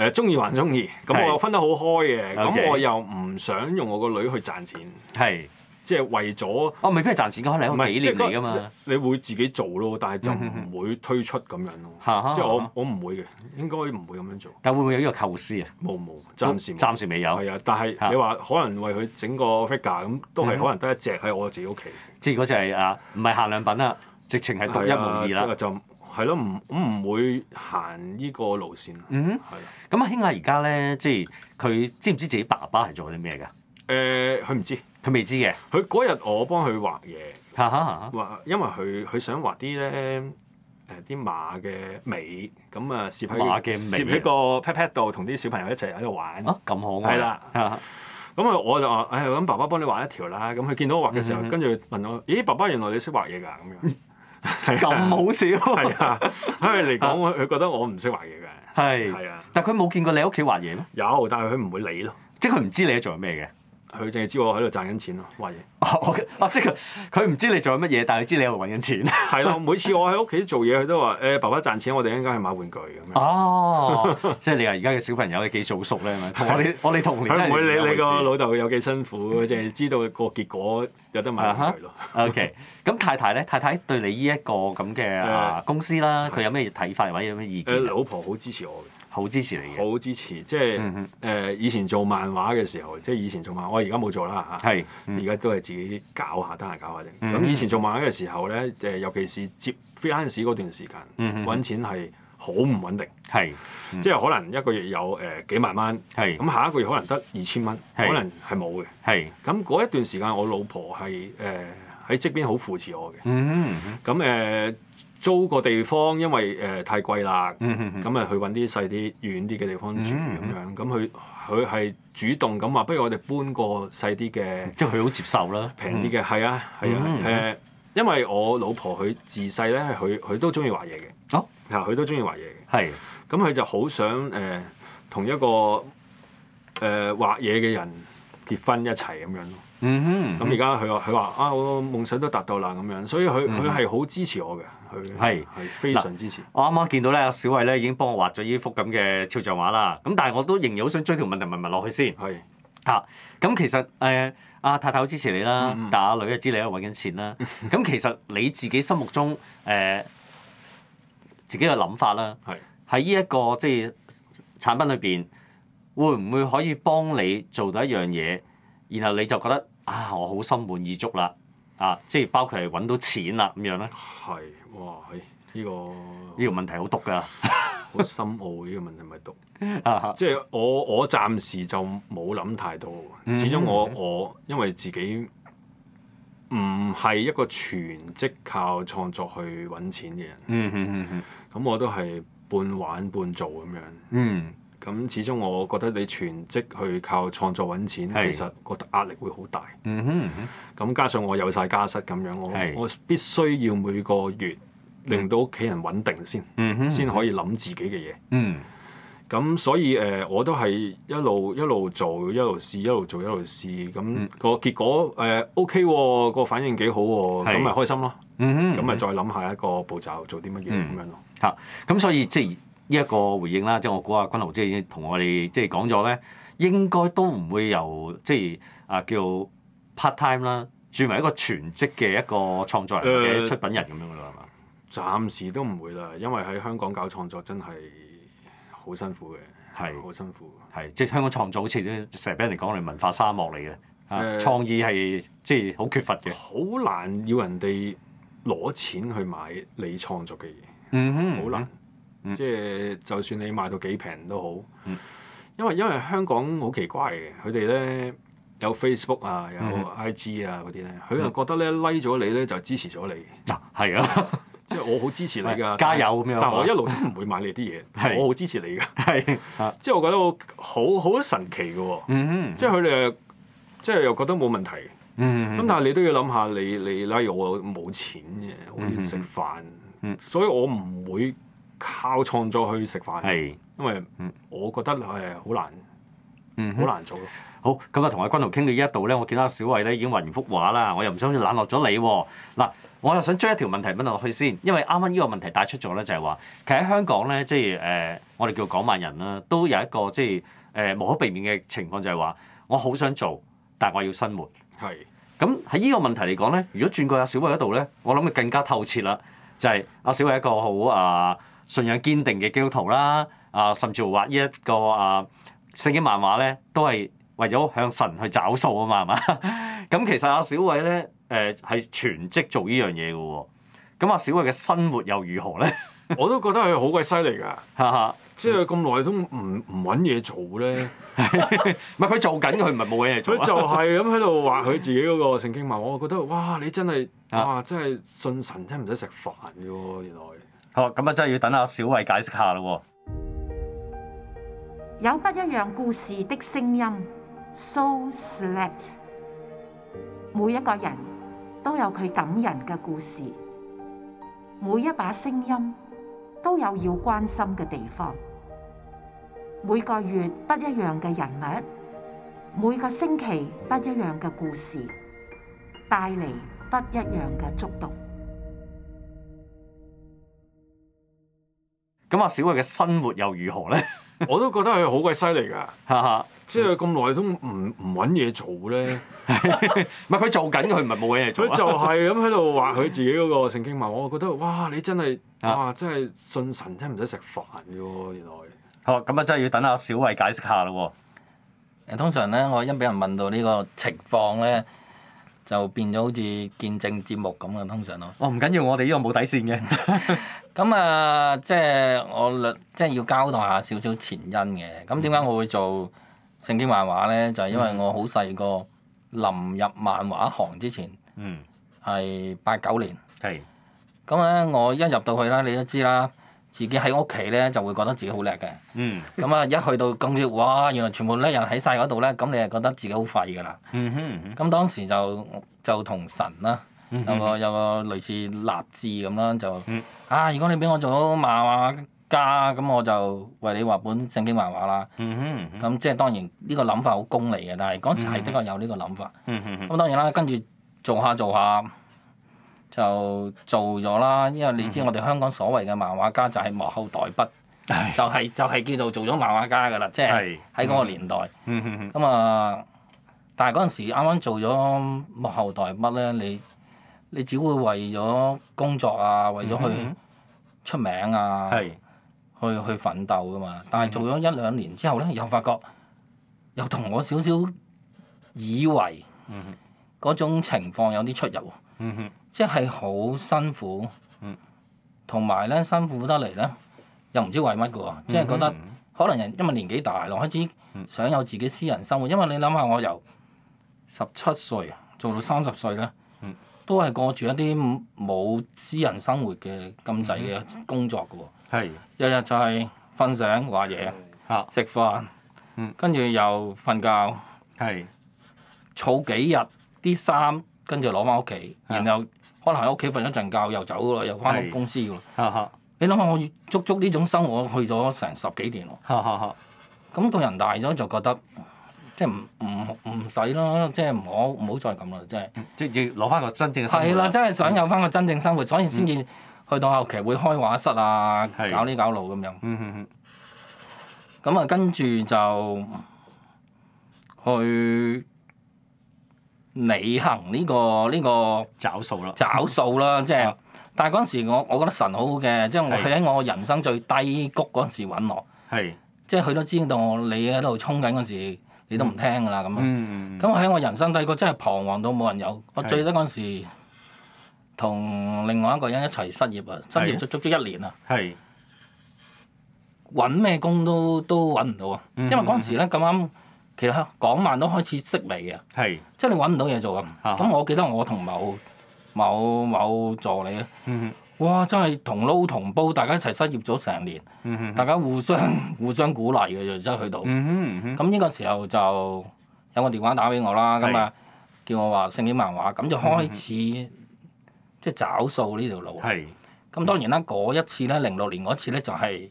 誒，中意還中意。咁我，okay. 我又分得好開嘅，咁我又唔想用我個女去賺錢。係。即係為咗哦，未必即係賺錢嘅，可能係一個理念嚟㗎嘛。你會自己做咯，但係就唔會推出咁樣咯。嗯、哼哼即係我我唔會嘅，應該唔會咁樣做。但會唔會有呢個構思啊？冇冇，暫時暫時未有。係啊，但係你話可能為佢整個 figure 咁，都係可能得一隻喺我自己屋企、嗯。即係嗰隻係啊，唔係限量品啦，直情係獨一無二啦。就係咯，唔唔唔會行呢個路線。嗯哼，咁阿興啊，而家咧，即係佢知唔知自己爸爸係做緊啲咩㗎？誒、呃，佢唔知。佢未知嘅，佢嗰日我幫佢畫嘢，畫 因為佢佢想畫啲咧誒啲馬嘅尾，咁啊攝佢馬嘅尾，攝喺、嗯、個 pat pat 度，同啲小朋友一齊喺度玩。咁可愛，啊，係啦，咁啊的、 嗯、我就話，哎，咁爸爸幫你畫一條啦。咁、嗯、佢見到我畫嘅時候，跟住問我，咦，爸爸原來你識畫嘢㗎？咁樣，咁 好笑。係 啊，佢嚟講佢佢覺得我唔識畫嘢㗎。係係啊，但佢冇見過你喺屋企畫嘢咩？有，但係佢唔會理咯，即係佢唔知你喺做咩嘅。佢淨係知我喺度賺緊錢咯，或者哦，即係佢佢唔知你做緊乜嘢，但係佢知你喺度揾緊錢，係咯。每次我喺屋企做嘢，佢都話：誒爸爸賺錢，我哋應該去買玩具咁樣。哦，即係你話而家嘅小朋友咧幾早熟咧，係咪？我哋我哋童年都唔會理你個老豆有幾辛苦，淨係知道個結果有得買玩具咯。O K，咁太太咧，太太對你呢一個咁嘅公司啦，佢有咩睇法或者有咩意見？老婆好支持我嘅。好支持你嘅，好支持。即係誒，以前做漫畫嘅時候，即係以前做漫畫，我而家冇做啦嚇。係，而家都係自己搞下，得閒搞下啫。咁以前做漫畫嘅時候咧，誒，尤其是接 freelance 嗰段時間，揾錢係好唔穩定。係，即係可能一個月有誒幾萬蚊。係，咁下一個月可能得二千蚊，可能係冇嘅。係，咁嗰一段時間，我老婆係誒喺側邊好扶持我嘅。咁誒。租個地方，因為誒太貴啦，咁咪去揾啲細啲、遠啲嘅地方住咁樣。咁佢佢係主動咁話，不如我哋搬個細啲嘅，即係佢好接受啦，平啲嘅。係啊，係啊誒，因為我老婆佢自細咧，佢佢都中意畫嘢嘅，嚇佢都中意畫嘢嘅，係咁佢就好想誒同一個誒畫嘢嘅人結婚一齊咁樣咯。咁而家佢話佢話啊，我夢想都達到啦咁樣，所以佢佢係好支持我嘅。係係非常支持。我啱啱見到咧，阿小慧咧已經幫我畫咗依幅咁嘅肖像畫啦。咁但係我都仍然好想追條問題問問落去先。係是。咁、啊、其實誒，阿、呃、太太好支持你啦，但係阿女又知你喺度揾緊錢啦。咁 其實你自己心目中誒、呃、自己嘅諗法啦，喺依一個即係、就是、產品裏邊，會唔會可以幫你做到一樣嘢，然後你就覺得啊，我好心滿意足啦？啊！即係包括係揾到錢啦，咁樣咧。係，哇！呢、這個呢個問題好毒㗎，好 深奧。呢、這個問題咪毒。 即係我我暫時就冇諗太多。嗯、始終我 okay. 我因為自己唔係一個全職靠創作去揾錢嘅人。嗯咁、嗯嗯、我都係半玩半做咁樣。嗯。咁始終我覺得你全職去靠創作揾錢，其實覺得壓力會好大。咁加上我有晒家室咁樣，我我必須要每個月令到屋企人穩定先，先可以諗自己嘅嘢。嗯，咁所以誒，我都係一路一路做，一路試，一路做，一路試。咁個結果誒 OK，個反應幾好喎，咁咪開心咯。嗯咁咪再諗下一個步驟，做啲乜嘢咁樣咯。嚇，咁所以即係。呢一個回應啦，即係我估阿君豪姐已經同我哋即係講咗咧，應該都唔會由即係啊叫做 part time 啦，轉為一個全職嘅一個創作人嘅出品人咁樣噶啦，係嘛、呃？暫吧時都唔會啦，因為喺香港搞創作真係好辛苦嘅，好是辛苦。係即係香港創作好似成日畀人哋講，係文化沙漠嚟嘅，創、呃啊、意係即係好缺乏嘅。好、呃、難要人哋攞錢去買你創作嘅嘢，嗯哼，好很難。即係就算你賣到幾平都好，因為因為香港好奇怪嘅，佢哋咧有 Facebook 啊，有 IG 啊嗰啲咧，佢就覺得咧 like 咗你咧就支持咗你。嗱，係啊，即係我好支持你㗎。加油咁樣，但我一路都唔會買你啲嘢，我好支持你㗎。即係我覺得我好好神奇嘅喎。即係佢哋即係又覺得冇問題。咁但係你都要諗下，你你 like 我冇錢嘅，我要食飯，所以我唔會。靠創作去食飯係，是因為嗯，我覺得係好難，嗯哼，好難做，好咁啊，同阿君豪傾到呢一度咧，我見阿小慧咧已經畫完幅畫啦，我又唔想冷落咗你嗱，我又想追一條問題問落去先，因為啱啱依個問題帶出咗咧，就係話其實喺香港咧，即係誒、呃，我哋叫港漫人啦，都有一個即係誒、呃、無可避免嘅情況就，就係話我好想做，但係我要生活係。咁喺依個問題嚟講咧，如果轉過阿小慧嗰度咧，我諗佢更加透徹啦，就係、是、阿小慧一個好啊～信仰堅定嘅基督徒啦，啊，甚至乎畫呢一個啊聖經漫畫咧，都係為咗向神去找數啊嘛，係嘛？咁其實阿小偉咧，誒、呃、係全職做呢樣嘢㗎喎。咁、啊、阿小偉嘅生活又如何咧？我都覺得佢好鬼犀利㗎。哈哈！ 即係佢咁耐都唔唔揾嘢做咧。唔係佢做緊佢唔係冇嘢做。佢就係咁喺度畫佢自己嗰個聖經漫畫，我覺得哇！你真係哇，真係信神真係唔使食飯㗎喎，原來。哦，咁啊，真係要等阿小慧解釋下咯。有不一樣故事的聲音，so select。每一個人都有佢感人嘅故事，每一把聲音都有要關心嘅地方。每個月不一樣嘅人物，每個星期不一樣嘅故事，帶嚟不一樣嘅觸動。咁阿小慧嘅生活又如何咧？我都覺得佢好鬼犀利噶， 即係佢咁耐都唔唔揾嘢做咧。唔係佢做緊，佢唔係冇嘢做。佢就係咁喺度話佢自己嗰個聖經話，我覺得哇，你真係哇，真係信神真唔使食飯嘅喎，原來。好，咁啊，真係要等阿小慧解釋下咯喎。誒，通常咧，我一俾人問到呢個情況咧，就變咗好似見證節目咁樣。通常我哦，唔緊要，我哋呢個冇底線嘅。 咁啊、呃，即係我略，即係要交代下少少前因嘅。咁點解我會做聖經漫畫咧？就係、是、因為我好細個，臨入漫畫行之前，係八九年。係是。咁咧，我一入到去啦，你都知啦，自己喺屋企咧就會覺得自己好叻嘅。嗯。咁啊，一去到咁啲，哇！原來全部叻人喺晒嗰度咧，咁你係覺得自己好廢㗎啦。嗯咁、嗯、當時就就同神啦。有個 有個類似立志咁啦，就 啊，如果你俾我做到漫畫家，咁我就為你畫本聖經漫畫啦。咁 即係當然呢、呢個諗法好功利嘅，但係嗰時係比較有呢個諗法。咁 當然啦，跟住做下做下就做咗啦。因為你知我哋香港所謂嘅漫畫家就係幕後代筆， 就係、是、就係、是、叫做做咗漫畫家噶啦。即係喺嗰個年代。咁啊，但係嗰陣時啱啱做咗幕後代筆咧，你。你只會為咗工作啊，為咗去出名啊，嗯、哼去去奮鬥噶嘛。但係做咗一兩年之後咧，又發覺又同我少少以為嗰種情況有啲出入喎。嗯、哼即係好辛苦，同埋咧辛苦得嚟咧，又唔知為乜嘅喎。即係覺得可能人因為年紀大咯，開始想有自己私人生活。因為你諗下，我由十七歲做到三十歲咧。嗯都係過住一啲冇私人生活嘅咁滯嘅工作噶喎。哦，的日日就係瞓醒話嘢，食、啊、飯，跟住又瞓覺，儲的幾日啲衫，跟住攞翻屋企，的然後可能喺屋企瞓一陣覺又走咯，又翻到公司噶喎。啊、你諗下，我足足呢種生活去咗成十幾年喎。咁到、啊、 人大咗就覺得。即係唔唔唔使咯，即係唔好唔好再咁啦，即係即係要攞翻個真正生活。係啦，真係想有翻個真正生活，所以先至去到後期會開畫室啊，搞呢搞路咁樣。嗯嗯咁啊，跟住就去履行呢個呢個找數啦，找數啦，即係但係嗰陣時我我覺得神好好嘅，即係佢喺我人生最低谷嗰陣時揾我，即係佢都知道我你喺度衝緊嗰時，你都唔聽㗎啦，咁啊！咁、嗯、我喺我人生低谷真係彷徨到冇人有，我最記得嗰陣時同另外一個人一齊失業啊，失業足足足一年啊，揾咩的工都都揾唔到啊，因為嗰陣時咧咁啱其實港漫都開始式微啊，的即係你揾唔到嘢做啊。咁的我記得我同某某某助理咧。嗯哇！真係同撈同煲，大家一齊失業咗成年，大家互相互相鼓勵嘅，就真係去到。咁呢個時候就有個電話打俾我啦，咁啊叫我話聖經漫畫，咁就開始即係找數呢條路。咁當然啦，嗰一次咧，零六年嗰次咧就係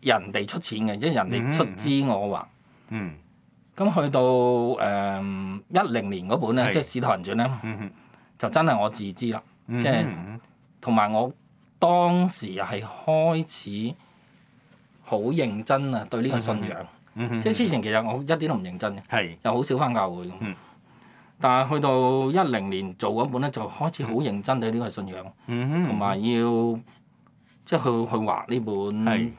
人哋出錢嘅，即係人哋出資我畫。咁去到誒一零年嗰本咧，即係《使徒行傳》咧，就真係我自知啦。嗯、即係同埋我當時又係開始好認真啊對呢個信仰，嗯、哼即係之前其實我一啲都唔認真嘅，是又好少翻教會咁。嗯、哼但係去到一零年做嗰本咧，就開始好認真對呢個信仰，同埋、嗯、哼要即係去去畫呢本《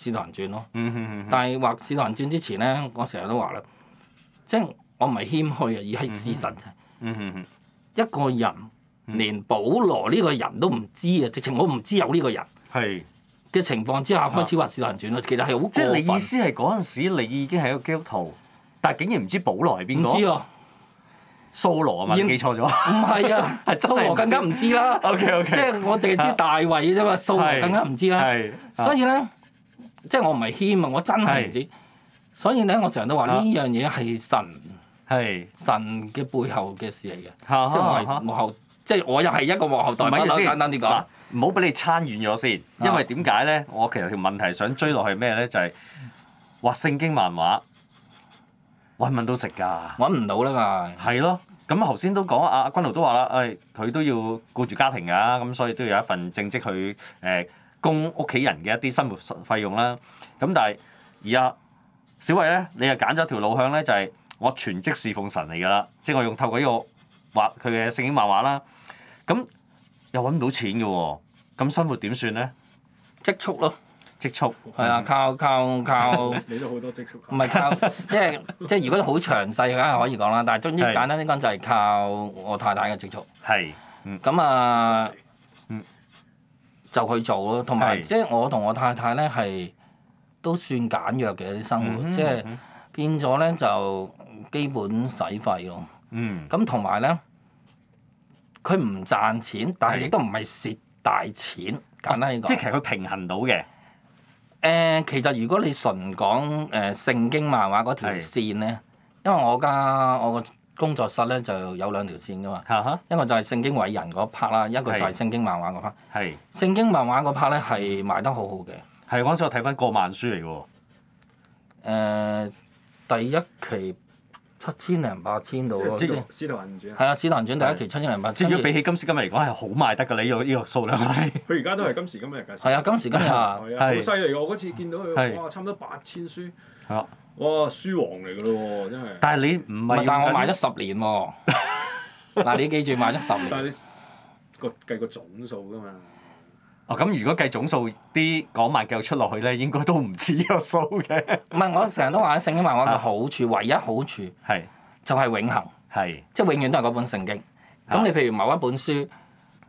使是徒行傳》咯、嗯哼。但係畫《使徒行傳》之前咧，我成日都話嘞，即係我唔係謙虛啊，而係事實。一個人。連保羅呢個人都唔知啊，直情我唔知有呢個人嘅情況之下開始話《聖經》傳咯。其實係好，即係你意思係嗰陣時，你已經係一個基督徒，但係竟然唔知保羅係邊個？唔知喎，蘇羅啊嘛？已經記錯咗？唔係啊，係周羅更加唔知啦。O K O K，即係我淨係知大衛啫嘛。蘇羅更加唔知啦。係，所以咧，即係我唔係謙啊，我真係唔知。所以咧，我成日都話呢樣嘢係神係神嘅背後嘅事嚟嘅，即係話幕後。即係我又係一個幕後代，唔係先。嗱，唔好俾你參完咗先，因為點解咧？我其實條問題想追落去咩咧？就係畫聖經漫畫，揾唔揾到食㗎？揾唔到啦嘛。係咯，咁頭先都講阿阿君豪都話啦，誒，佢都要顧住家庭㗎，咁所以都要有一份正職去誒供屋企人嘅一啲生活費費用啦。咁但係而家小偉咧，你又揀咗條路向咧，就係我全職侍奉神嚟㗎啦。即係我用透過呢個畫佢嘅聖經漫畫啦。咁又揾唔到錢嘅喎、哦，咁生活點算咧？積蓄咯，積蓄觸。係啊，靠靠靠！你都好多積蓄。唔係 靠，即係即係，如果好詳細嘅梗係可以講啦。但係總之簡單啲講就係靠我太太嘅積蓄。係是。啊、嗯。咁啊，就去做咯。同埋是即係我同我太太咧係都算簡約嘅啲生活，嗯、哼哼即係變咗咧就基本使費咯。嗯。咁同埋咧。佢唔賺錢，但係亦都唔係蝕大錢。簡單啲講，啊，即係其實佢平衡到嘅。誒、呃，其實如果你純講誒、呃、聖經漫畫嗰條線咧，是因為我間我個工作室咧就有兩條線噶嘛。嚇嚇、uh huh？！一個就係聖經偉人嗰 part 啦，一個就係聖經漫畫嗰 part。係是。聖經漫畫嗰 part 咧係賣得好好嘅。係嗰陣時，我睇翻過萬書嚟嘅喎。誒、呃，第一期。七千零八千度喎，使徒行傳，係啊，使徒行傳第一期七千零八，至於比起今時今日嚟講係好賣得㗎，呢個呢個數量係。佢而家都係今時今日㗎。係啊，今時今日係啊，好犀利㗎！我嗰次見到佢，哇，差唔多八千書。係啊。哇！書王嚟㗎咯喎，真係。但係你唔係，但係我賣咗十年喎。嗱，你記住賣咗十年。但係你個計個總數㗎嘛？哦，咁如果計總數啲講埋句出落去咧，應該都唔止呢個數嘅。唔係，我成日都話聖經》話，我嘅好處是唯一好處係就係永恆，即係是永遠都係嗰本聖經》是。咁你譬如某一本書，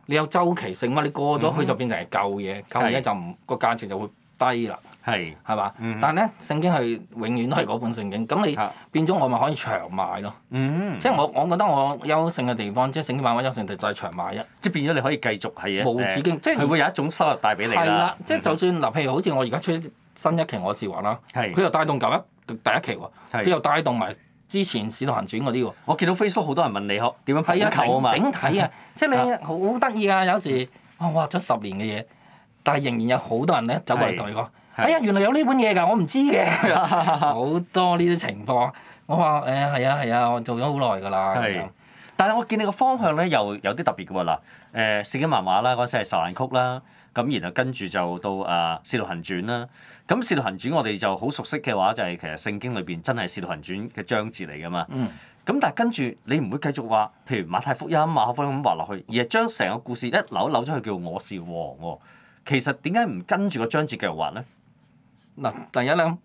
你有周期性，咁你過咗去就變成係舊嘢，嗯、哼舊嘢就唔個是價錢就會低啦。係，係嘛？但係咧，聖經係永遠都係嗰本聖經。咁你變咗，我咪可以長賣咯。即係我，我覺得我優勝嘅地方，即係聖經版，我優勝就係長賣一。即係變咗，你可以繼續係無止境。即係佢會有一種收入帶俾你啦。係啦，即係就算譬如好似我而家出新一期《我是環》啦，佢又帶動緊一第一期喎，佢又帶動埋之前《使徒行傳》嗰啲喎。我見到 Facebook 好多人問你學點樣批購啊嘛。整體啊，即係你好得意㗎！有時哇畫咗十年嘅嘢，但係仍然有好多人咧走過嚟同你講。哎呀，原來有呢本嘢㗎，我唔知嘅。好 多呢啲情況，我話誒係啊係啊，我做咗好耐㗎啦。但係我見你個方向咧，又有啲特別嘅喎嗱。誒，《聖經漫畫》啦，嗰時係《受難曲》啦，咁然後跟住就到《啊使徒行傳》啦。咁《使徒行傳》我哋就好熟悉嘅話，就係、是、其實聖經裏邊真係《使徒行傳》嘅章節嚟㗎嘛。咁、嗯、但係跟住你唔會繼續話，譬如《馬太福音》、《馬可福音》咁畫落去，而係將成個故事一扭一扭咗去叫我是王喎。其實點解唔跟住個章節繼續畫咧？嗱，第一咧，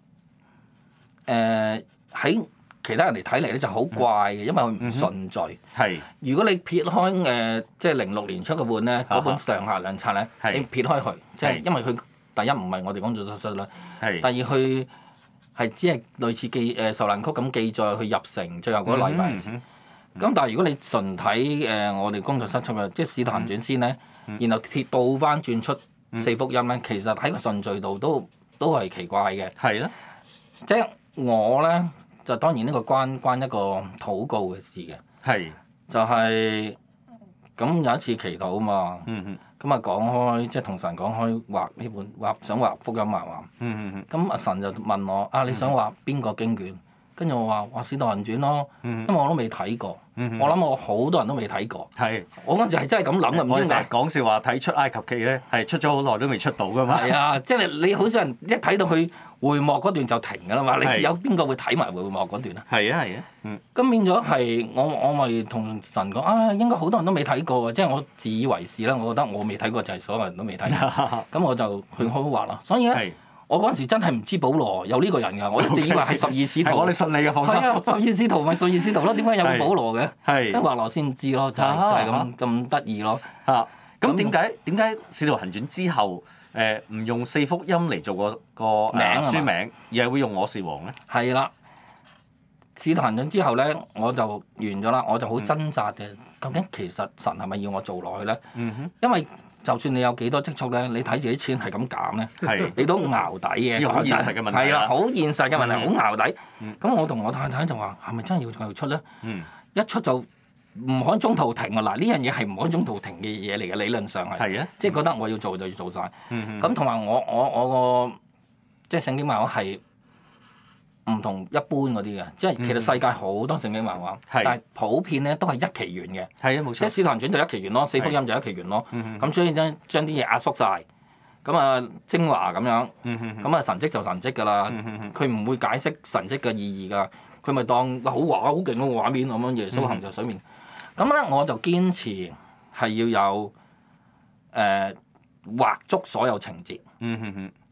誒喺其他人嚟睇嚟咧就好怪嘅，因為佢唔順序。如果你撇開誒，即係零六年出嗰本咧，嗰本上下兩冊咧，你撇開佢，即係因為佢第一唔係我哋工作室出啦，第二佢係只係類似記誒《受難曲》咁記載佢入城最後嗰個禮拜嘅事。咁但係如果你純睇誒我哋工作室出嘅即係《使徒行傳》先咧，然後倒翻轉出四福音咧，其實喺個順序度都～都係奇怪嘅，的即係我咧就當然呢個關關一個禱告嘅事嘅，的就係、是、咁有一次祈禱啊嘛，咁啊、嗯嗯、講開即係同神講開畫呢本畫想畫福音漫畫，畫，咁阿、嗯嗯嗯、神就問我啊，你想畫邊個經卷？嗯嗯跟住我話：哇，《使徒行傳》咯，因為我都未睇過。嗯、哼我諗我好多人都未睇過。係是。我嗰陣時係真係咁諗㗎唔知。講笑話，睇、哎、出埃及記咧，係出咗好耐都未出到噶嘛。係啊，即係你，你好少人一睇到佢回幕嗰段就停噶啦嘛。是你有邊個會睇埋回幕嗰段呢啊？係啊係啊。嗯、啊。咁變咗係我我咪同神講啊，應該好多人都未睇過嘅，即係我自以為是啦。我覺得我未睇過就係所有人都未睇。咁 我就佢開話啦。所以咧。是我嗰陣時真係唔知保羅有呢個人㗎，我一直以為係十二使徒。係、okay，我哋信你嘅放心。十二使徒咪十二使徒咯，點解有個保羅嘅？係 是。都話先知咯，就係、是、 就係咁咁得意咯。嚇！ 咁點解點解使徒行傳之後誒唔、呃、用四福音嚟做個個、呃、名書名，嗎而係會用我是王咧？係啦。使徒行傳之後咧，我就完咗啦。我就好掙扎嘅，究竟其實神係咪要我做落去咧？嗯、哼因為。就算你有幾多積蓄咧，你睇住啲錢係咁減咧，是你都熬底嘅。嘅係啦，好現實嘅問，、啊、問題，好熬、嗯、底。咁、嗯、我同我太太就話：係咪真係要繼續出咧？嗯、一出就唔可以中途停啊！嗱，呢樣嘢係唔可以中途停嘅嘢嚟嘅，理論上係。的即係覺得我要做就要做晒。咁同埋我我我個即係聖經話我係。唔同一般嗰啲嘅，即係其實世界好多聖經漫畫，嗯、但係普遍咧都係一期完嘅。係啊，冇錯。即係《使徒行傳》就一期完咯，《四福音》就一期完咯。咁的所以咧，將啲嘢壓縮晒，咁啊精華咁樣，咁啊、嗯、神蹟就神蹟㗎啦。佢唔、嗯、會解釋神蹟嘅意義㗎。佢咪當好畫好勁嘅畫面咁樣，耶穌行喺水面。咁咧、嗯哼，我就堅持係要有誒畫、呃、足所有情節，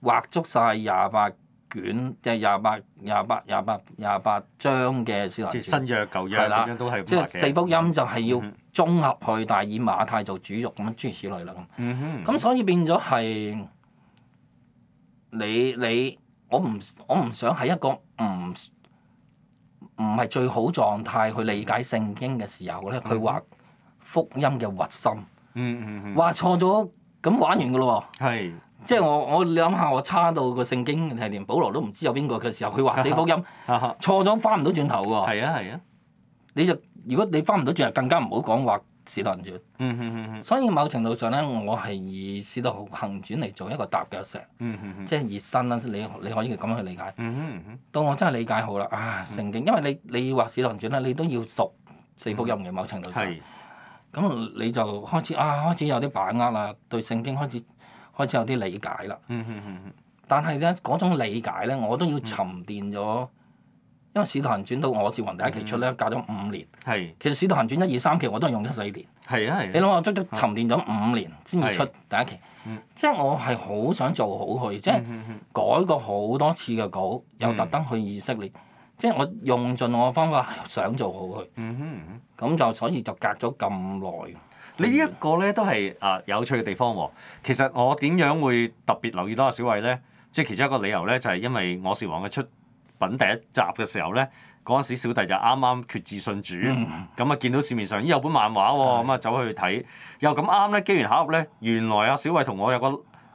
畫足晒廿八，卷即係廿八、廿八、廿八、廿八張嘅小冊子。即係新約舊約，點樣都係嘅。即係四福音就係要綜合去，但係、嗯、哼以馬太做主軸咁樣，諸如此類啦咁。咁、嗯、哼所以變咗係你你我唔我唔想喺一個唔唔係最好狀態去理解聖經嘅時候咧，去畫福音嘅核心。嗯嗯哼畫錯咗，咁玩完噶咯喎。係。 即係我我你諗下我差到個聖經，你係連保羅都唔知有邊個嘅時候，佢話四福音錯咗翻唔到轉頭喎。係啊係啊， 你就如果你翻唔到轉頭，更加唔好講話《史徒行傳》。 所以某程度上咧，我係以《史徒行傳》嚟做一個搭腳石。 即係熱身啦，你你可以咁樣去理解。 到我真係理解好啦，啊聖經，因為你你話《史徒行傳》咧，你都要熟四福音嘅某程度上。咁你就開始啊，開始有啲把握啦，對聖經開始。開始有啲理解啦，但係咧嗰種理解咧，我都要沉澱咗。因為《使徒行傳》到我笑雲第一期出咧，隔咗五年。其實《使徒行傳》一二三期我都係用咗四年。你諗下，足足沉澱咗五年先至出第一期，即係我係好想做好佢，即係改過好多次嘅稿，又特登去以色列，即係我用盡我嘅方法想做好佢。嗯，咁就所以就隔咗咁耐。你呢一個咧都係啊、呃、有趣嘅地方喎、哦。其實我點樣會特別留意到阿小慧咧？即、就是、其中一個理由咧，就係、是、因為我是王嘅出品第一集嘅時候咧，嗰陣時小弟就啱啱決志信主，咁啊、嗯、見到市面上已、哎、有本漫畫喎、哦，咁啊的走去睇，又咁啱咧，機緣巧合咧，原來阿小慧同我有個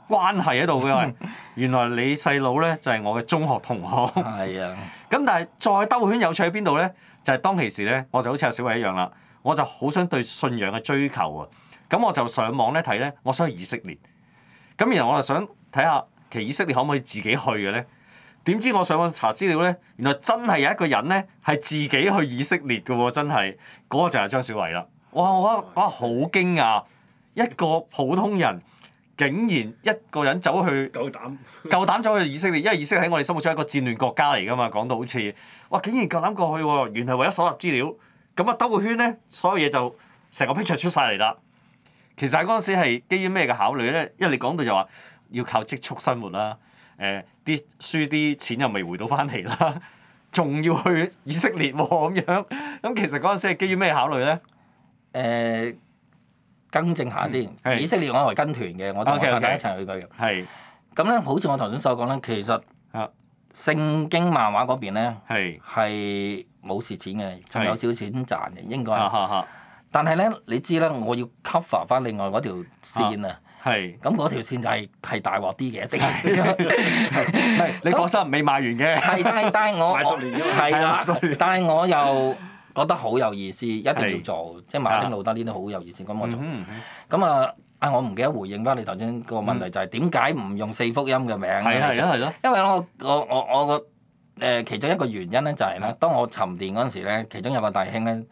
關係喺度嘅，嗯、佢話原來你細佬咧就係我嘅中學同學。咁但係再兜圈有趣喺邊度咧？就係、是、當其時咧，我就好似阿小慧一樣啦。我就好想對信仰嘅追求啊！咁我就上網咧睇咧，我想去以色列。咁然後我就想睇下，其實以色列可唔可以自己去嘅咧？點知我上網查資料咧，原來真係有一個人咧係自己去以色列嘅喎、啊！真係嗰、嗰個就係張小衛啦。哇！我覺得我好驚啊！一個普通人竟然一個人走去夠膽 夠膽走去以色列，因為以色列喺我哋生活中係一個戰亂國家嚟㗎嘛。講到好似哇，竟然夠膽過去喎、啊，原來為咗搜集資料。咁啊兜個圈咧，所有嘢就成個 picture 出晒嚟啦。其實喺嗰陣時係基於咩嘅考慮咧？因為你講到就話要靠積蓄生活啦、啊。誒、呃，啲輸啲錢又未回到翻嚟啦，仲要去以色列喎、啊、咁樣。咁其實嗰陣時係基於咩考慮咧？誒、呃，更正下先。嗯、以色列我係跟團嘅，我同我太太 Okay, okay. 一齊去嘅。係是。咁咧，好似我頭先所講咧，其實聖經漫畫嗰邊咧係係。是是冇蝕錢嘅，仲有少少錢賺嘅應該。但係咧，你知啦，我要 cover 翻另外嗰條線啊。係。咁嗰條線就係係大鑊啲嘅，一定。唔係，你放心，未賣完嘅。係，但係但係我我係啦，但係我又覺得好有意思，一定要做。即係馬丁路德呢啲好有意思，咁我做。咁啊，啊我唔記得回應翻你頭先個問題，就係點解唔用四福音嘅名？係咯係因為我我我我個。誒其中一個原因咧就係咧，當我沉澱嗰陣時咧，其中有個弟兄咧。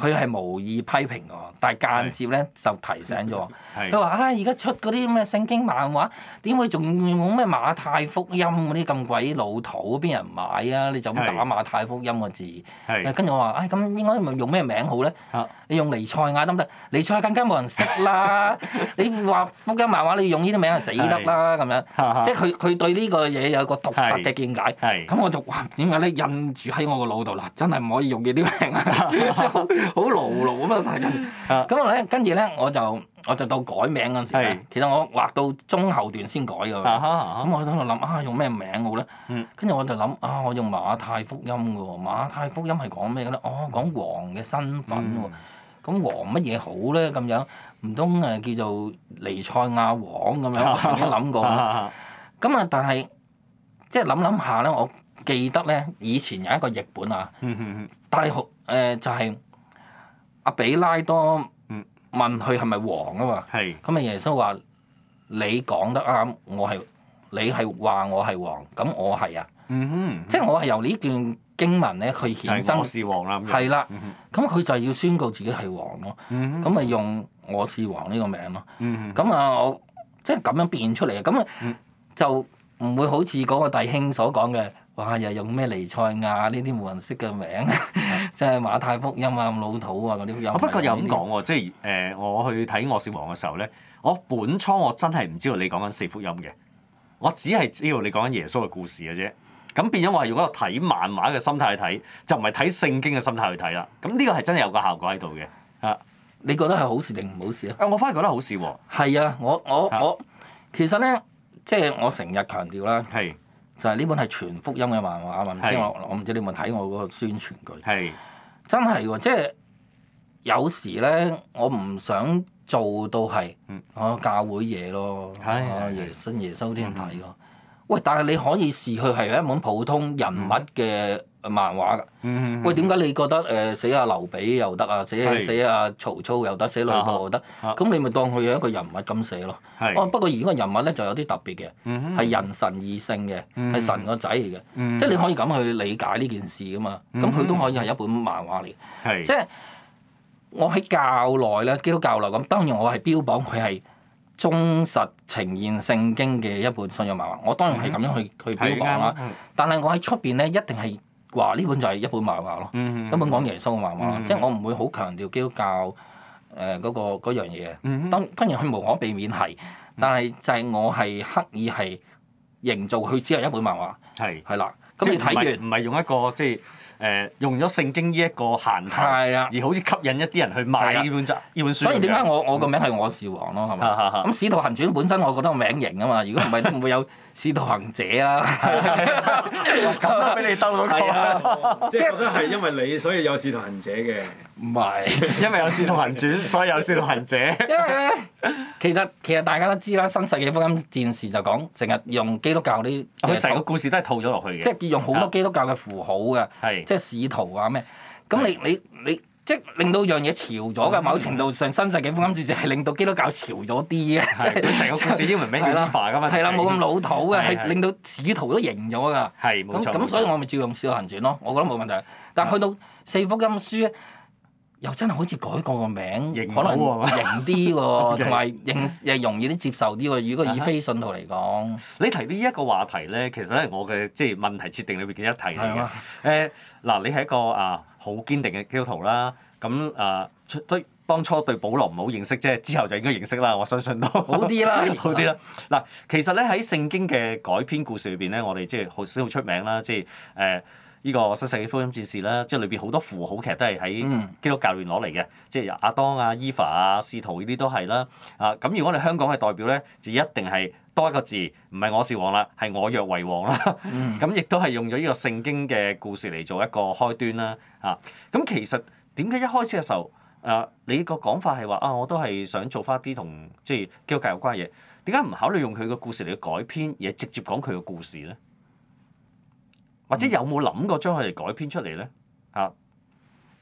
佢係無意批評我，但係間接咧就是提醒咗。佢話，唉，而家、哎、出嗰啲咩聖經漫畫，點會仲用咩馬太福音嗰啲咁鬼老土？邊有人買啊？你就咁打馬太福音個字。跟住是我話，唉、哎，咁應該用咩名好咧？你用尼賽亞得唔得？尼賽亞更加冇人識啦。你話福音漫畫，你用呢啲名死得啦咁樣。哈哈即係佢佢對呢個嘢有個獨特嘅見解。咁我就話，點解咧？印住喺我個腦度啦，真係唔可以用呢啲名。 好勞勞咁啊！快緊咁啊咧，跟住咧我就我就到改名嗰陣時啊，其實我畫到中後段先改噶喎。咁我喺度諗啊，用咩名好咧？跟住我就諗啊，我用馬太福音嘅喎。馬太福音係講咩嘅咧？哦，講王嘅身份喎。咁王乜嘢好咧？咁樣唔通誒叫做尼賽亞王咁樣？我曾經諗過。咁啊，但係即係諗諗下咧，我記得咧以前有一個譯本啊。嗯嗯嗯。但係好誒，就係。比拉多問佢係咪王啊嘛，咁啊是耶穌話：你講得啱，我係你係話我係王，咁我係啊。嗯哼、即係我係由呢段經文咧去衍生。就是我是王啦。係啦。嗯哼，咁佢就要宣告自己係王咯、啊。嗯咁哼咪用我是王呢個名咯。嗯咁啊，我即係咁樣變出嚟嘅，咁啊就唔會好似嗰個弟兄所講嘅。哇！又用咩彌賽亞呢啲冇人識嘅名，真係 Yeah. 就是、馬太福音啊咁老土啊嗰啲。啊、我不過又咁講喎，些即係誒、呃、我去睇《惡小王》嘅時候咧，我本初我真係唔知道你講緊四福音嘅，我只係知道你講緊耶穌嘅故事嘅啫。咁變咗我係用一個睇漫畫嘅心態去睇，就唔係睇聖經嘅心態去睇啦。咁呢個係真係有個效果喺度嘅啊！你覺得係好事定唔好事咧？誒、啊，我反而覺得好事喎、啊。係啊，我我我其實咧，即係我成日強調啦。係。就係呢本係全福音嘅漫畫啊！唔是知我我唔知你有冇睇我嗰個宣傳句，是真係喎、哦！即、就、係、是、有時咧，我唔想做到係我，嗯啊、教會嘢咯，耶穌耶穌添睇咯。嗯、喂，但係你可以試佢係一本普通人物嘅、嗯。嗯漫畫㗎，喂，點解你覺得誒寫阿劉備又得啊，寫寫阿曹操又得，寫呂布又得，咁你咪當佢係一個人物咁寫咯？哦，不過而家個人物咧就有啲特別嘅，係人神異性嘅，係神個仔嚟嘅，即係你可以咁去理解呢件事噶嘛？咁佢都可以係一本漫畫嚟，即係我喺教內咧，基督教內咁，當然我係標榜佢係忠實呈現聖經嘅一本信仰漫畫，我當然係咁樣去去標榜啦。但係我喺出邊咧，一定係。話呢本就係一本漫畫咯，一、嗯、哼本講耶穌嘅漫畫，嗯、哼即係我唔會好強調基督教誒、那、嗰個嗰樣嘢。當當然佢無可避免係，嗯、哼但係就係我係刻意係營造佢只係一本漫畫，係係是啦。咁你睇完唔係用一個即係誒、呃、用咗聖經呢一個限題，而好似吸引一啲人去買呢本集呢本書。所以點解我我個名係我王是王咯，係咪？咁《使徒行傳》本身我覺得個名型啊嘛，如果唔係都唔會有。 《使徒行者》啊，咁都俾你兜到個，即係覺得係因為你所以有《使徒行者》嘅。唔係，因為有《使徒行傳》，所以有《使徒行者》。 其實其實大家都知啦，新世紀福音戰士就講成日用基督教啲，佢成個故事都係套咗落去嘅。即係用好多基督教嘅符號㗎，是即係使徒啊咩？咁你你。的即令到樣嘢潮咗㗎，某程度上新世紀福音書就係令到基督教潮咗啲嘅，就是就是、即係成個故事英文名係啲乜㗎嘛，係啦冇咁老土嘅，係令到使徒都認咗㗎。係冇錯。咁咁所以我咪照用《使徒行傳》咯，我覺得冇問題。但去到四福音書咧，又真係好似改過個名，認可能型認啲喎，同埋認容易啲接受啲喎。如果以非信徒嚟講，你提呢一個話題咧，其實係我嘅即係問題設定裏邊嘅一題嚟嘅。誒嗱，你係一個啊。好堅定嘅基督徒啦，咁啊，都當初對保羅唔係好認識啫，之後就應該認識啦，我相信都好啲啦， 好啲啦。嗱，其實咧喺聖經嘅改編故事裏邊咧，我哋即係好少好出名啦，即係誒。呃呢個《新世紀福音戰士》啦，即係裏邊好多符號，其實都係喺基督教裏邊攞嚟嘅，嗯、即係阿當、阿、啊、伊芙、啊、司徒呢啲都係啦。啊，咁如果你香港係代表咧，就一定係多一個字，唔係我是王啦，係我若為王啦。咁、嗯 嗯、亦都係用咗呢個聖經嘅故事嚟做一個開端啦。啊，咁其實點解一開始嘅時候，啊，你個講法係話啊，我都係想做翻啲同即係基督教有關嘅嘢，點解唔考慮用佢嘅故事嚟改編，而係直接講佢嘅故事咧？或者有冇諗過將佢哋改編出嚟咧？嚇、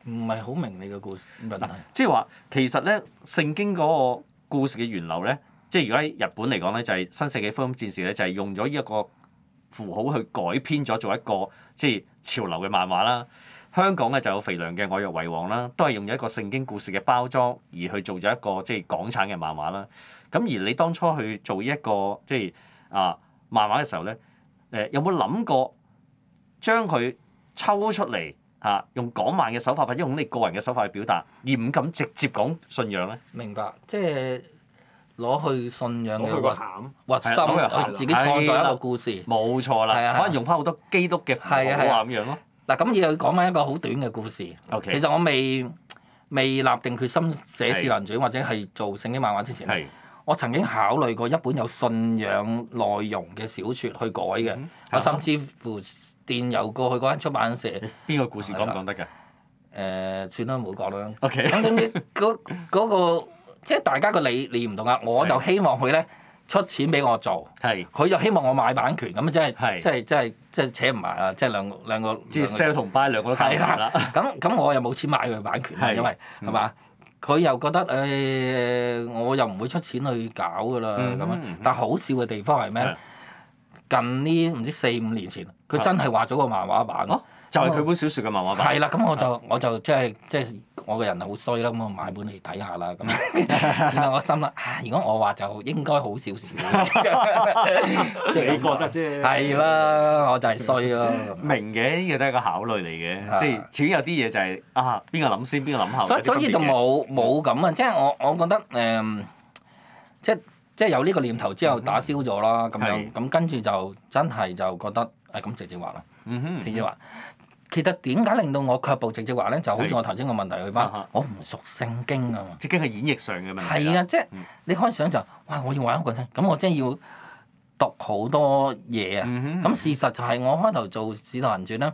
嗯，唔係好明你嘅故事。嗱，即係話其實咧，聖經嗰個故事嘅源流咧，嗯、即係如果喺日本嚟講咧，就係、是《新世紀福音戰士》咧，就係、是、用咗依一個符號去改編咗做一個即係潮流嘅漫畫啦。香港咧就有肥良嘅《我欲為王》啦，都係用咗一個聖經故事嘅包裝而去做咗一個即係港產嘅漫畫啦。咁而你當初去做依一個即係啊漫畫嘅時候咧，誒、呃、有冇諗過？將佢抽出嚟嚇，用港漫嘅手法，或者用你個人嘅手法去表達，而唔敢直接講信仰咧。明白，即係攞去信仰嘅核核心自己創作一個故事。冇錯啦，可能用翻好多基督嘅符號咁樣咯。嗱，咁而要講翻一個好短嘅故事。其實我未未立定決心寫事難主，或者係做聖經漫畫之前咧，我曾經考慮過一本有信仰內容嘅小説去改嘅，我甚至乎，，電郵過去嗰間出版社，邊個故事講唔講得㗎？誒，算啦，唔好講啦。O K。咁總之嗰嗰個，即係大家個理念唔同啦。我就希望佢咧出錢俾我做，佢就希望我買版權。咁啊，真係，真係，真係，真扯唔埋啦。即係兩個兩個，即 sell 同 buy 兩個都睇啦。咁咁，我又冇錢買佢嘅版權，因為係嘛？佢又覺得誒，我又唔會出錢去搞㗎啦。咁樣，但好笑嘅地方係咩咧？近呢唔知四五年前，佢真係畫咗個漫畫版,、哦就是、版，就係佢本小説嘅漫畫版。係啦，咁我就的我就即係即係我個、就是就是、人好衰啦，咁我買本嚟睇下啦。咁然後我心諗、啊，如果我畫就應該好少少。即係 你覺得啫？係。係啦，我就係衰啦。明嘅，呢個都係個考慮嚟嘅，的即係始終有啲嘢就係、是、啊，邊個諗先，邊個諗後。所以所以就冇冇咁啊！即係、就是、我我覺得誒，即、呃、係。呃就是即係有呢個念頭之後打消咗啦，咁、mm hmm. 樣咁是跟住就真係就覺得係咁、哎、直接話咯，mm hmm. 直接話。其實點解令到我卻步直接話咧？就好似我頭先個問題去返，mm hmm. 我唔熟聖經啊嘛。只係佢演繹上嘅問題。係啊，即係、mm hmm. 你開想就哇！我要玩一個啫。咁我真係要讀好多嘢啊。咁、mm hmm. 事實就係、是、我開頭做《使徒行傳》咧，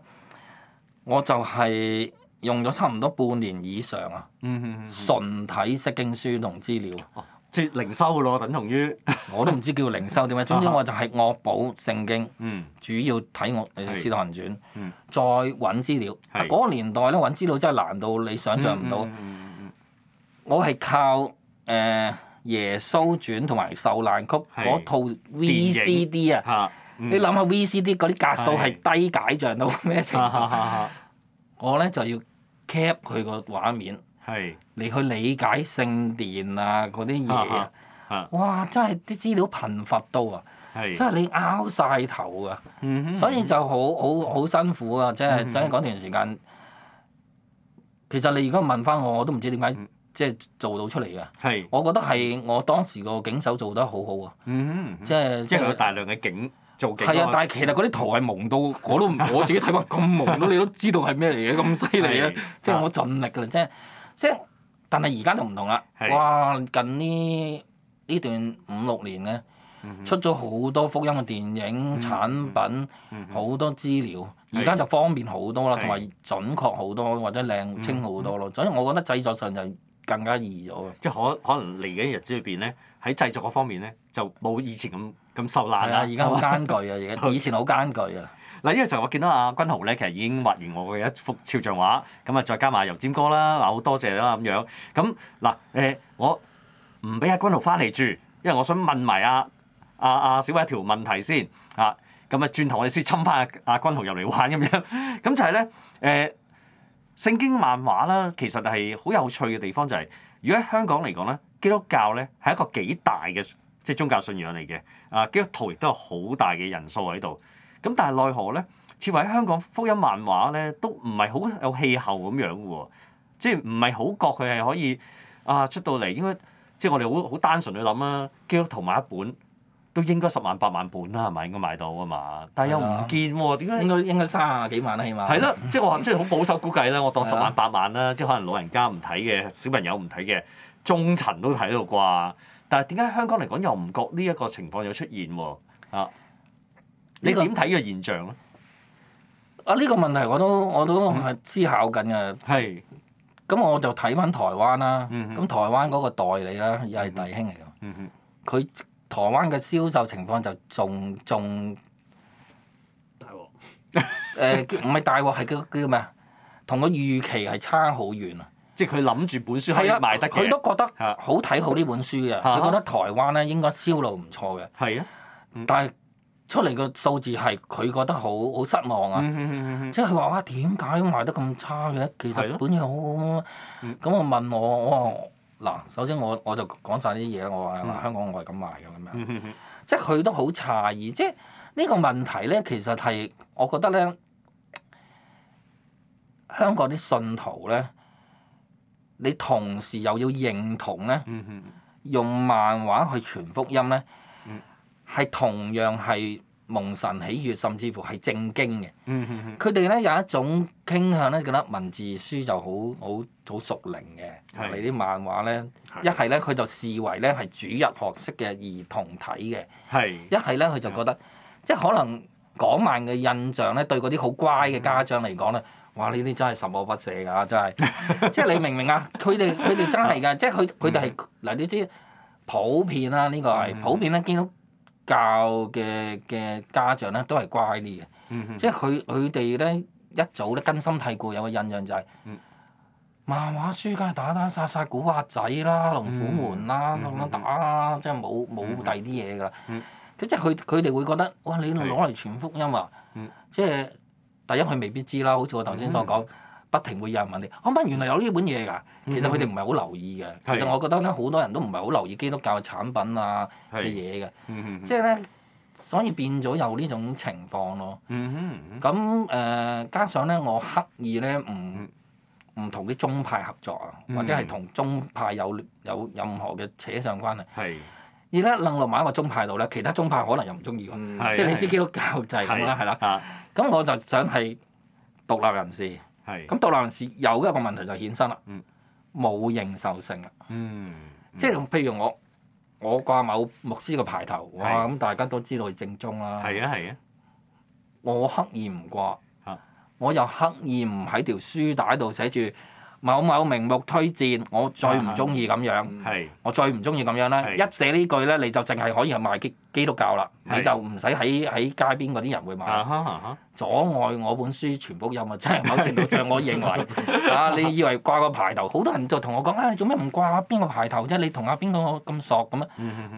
我就係用咗差唔多半年以上啊。Mm hmm. 純睇釋經書同資料。Mm hmm. 節靈修嘅咯，等同於我都唔知叫靈修點啊！總之我就係惡補聖經，嗯、主要睇我《使徒行傳》是，再揾資料。嗰是個年代咧，揾資料真係難到你想象唔到。嗯嗯嗯嗯、我係靠誒、呃《耶穌傳 CD,》同埋《受難曲》嗰套 VCD 啊！你諗下 VCD 嗰啲格數係低解像到咩程度？嗯嗯嗯嗯、我咧就要 cap 佢個畫面。係嚟去理解聖殿啊嗰啲嘢啊，哇！真係啲資料貧乏到啊，真係你拗晒頭啊，所以就好好好辛苦啊！即係真係嗰段時間。其實你如果問翻我，我都唔知點解即係做到出嚟嘅。我覺得係我當時個警手做得好好喎。即係即係有大量嘅警做。係啊，但係其實嗰啲圖係蒙到我都我自己睇法咁蒙到，你都知道係咩嚟嘅咁犀利啊！即係我盡力啦，即係。即係，但係而家就唔同啦。啊、哇，近呢呢段五六年咧，嗯、哼出咗好多福音嘅電影、嗯、哼產品，好、嗯、哼多資料。而家、啊、就方便好多啦，同埋、啊、準確好多，或者靚清好多咯。啊嗯、哼所以，我覺得製作上就更加易咗。即係可可能嚟緊日子裏邊咧，喺製作嗰方面咧，就冇以前咁咁受難啦。而家好艱巨啊！而家以前好艱巨啊。嗱，呢個時候我見到阿、啊、君豪咧，其實已經畫完我嘅一幅肖像畫，咁啊再加埋油尖哥啦，嗱好多謝啦咁樣。咁嗱誒，我唔俾阿君豪翻嚟住，因為我想問埋阿阿阿小威一條問題先啊。咁啊，轉頭我哋先氹翻阿阿君豪入嚟玩咁樣。咁就係咧誒，聖、呃、經漫畫啦，其實係好有趣嘅地方就係、是，如果喺香港嚟講咧，基督教咧係一個幾大嘅即係宗教信仰嚟嘅，啊基督徒亦都有好大嘅人數喺度。咁但係奈何咧？似乎喺香港福音漫畫咧，都唔係好有氣候咁樣喎、哦，即係唔係好覺佢係可以啊出到嚟應該，即係我哋好好單純去諗啦、啊，基督徒買一本都應該十萬八萬本啦，係咪應該買到啊嘛？但係又唔見喎，點解、啊、應該應該三十幾萬啦、啊，起碼係咯、啊，即係我話即係好保守估計啦，我當十萬八萬啦，啊、即係可能老人家唔睇嘅，小朋友唔睇嘅，中層都睇到啩？但係點解香港嚟講又唔覺呢一個情況有出現喎？啊！你點睇依個現象咧？啊，呢個問題我都我都係思考緊嘅。係。咁我就睇翻台灣啦。嗯哼。咁台灣嗰個代理啦，又係弟兄嚟㗎。嗯哼。佢台灣嘅銷售情況就仲仲大鑊。誒，唔係大鑊，係叫叫咩啊？同個預期係差好遠啊！即係佢諗住本書係賣得，佢都覺得好睇好呢本書嘅。佢覺得台灣咧應該銷路唔錯嘅。啊。但係。出嚟個數字係佢覺得好好失望啊！即係佢話哇，點 解樂、啊、賣得咁差嘅？其實本嘢好好、啊、咁 我問我我話嗱，首先我我就講晒啲嘢，我話香港我係咁賣嘅咁樣，即係佢都好詫異，即係呢個問題咧，其實係我覺得咧，香港啲信徒咧，你同時又要認同咧，用漫畫去傳福音咧。係同樣係蒙神喜悅，甚至乎係正經嘅。佢哋咧有一種傾向咧，覺得文字書就好好好熟齡嘅，係咪啲漫畫咧？一係咧佢就視為咧係主日學識嘅兒童睇嘅。一係咧佢就覺得，即係可能港漫嘅印象咧，對嗰啲好乖嘅家長嚟講咧，mm hmm. 哇！呢啲真係十惡不赦㗎，真係。即 Olha 係 tuition 你明唔明啊？佢哋佢哋真係㗎，即係佢佢哋係嗱你知普遍啦，呢個係普遍啦，見到 cu。口教嘅嘅家長咧都係乖啲嘅，嗯嗯、即係佢佢哋咧一早咧根深蒂固有個印象就係、是，漫畫、嗯、書梗係打打，打殺殺古惑仔啦、龍虎門啦咁樣、嗯嗯、打，打，啦、嗯，即係冇冇第啲嘢噶啦。即係佢佢哋會覺得，哇！你攞嚟傳福音啊、嗯，即係第一佢未必知啦。好似我頭先所講。不停會有人問你，阿斌原來有呢本嘢㗎。其實佢哋唔係好留意嘅。其實我覺得咧，好多人都唔係好留意基督教嘅產品啊嘅嘢嘅。即係咧，所以變咗有呢種情況咯。咁誒，加上咧，我刻意咧唔唔同啲宗派合作啊，或者係同宗派有有任何嘅扯上關係。而咧，愣落埋一個宗派度咧，其他宗派可能又唔中意喎。即係你知基督教就係咁啦，係啦。咁我就想係獨立人士。咁獨立人士有一個問題就衍生啦，冇認、嗯、受性啦。嗯、即係譬如我我掛某牧師個牌頭，啊、哇咁大家都知道正宗啦。啊啊、我刻意唔掛，我又刻意唔喺條書帶度寫住。某某名目推薦，我最唔中意咁樣，我最唔中意咁樣咧。一寫呢句咧，你就淨係可以賣基基督教啦，你就唔使喺喺街邊嗰啲人會買。阻礙我本書全部任務，即係某程度上，我認為啊，你以為掛個牌頭，好多人就同我講啊，你做咩唔掛邊個牌頭啫？你同阿邊個咁熟咁啊？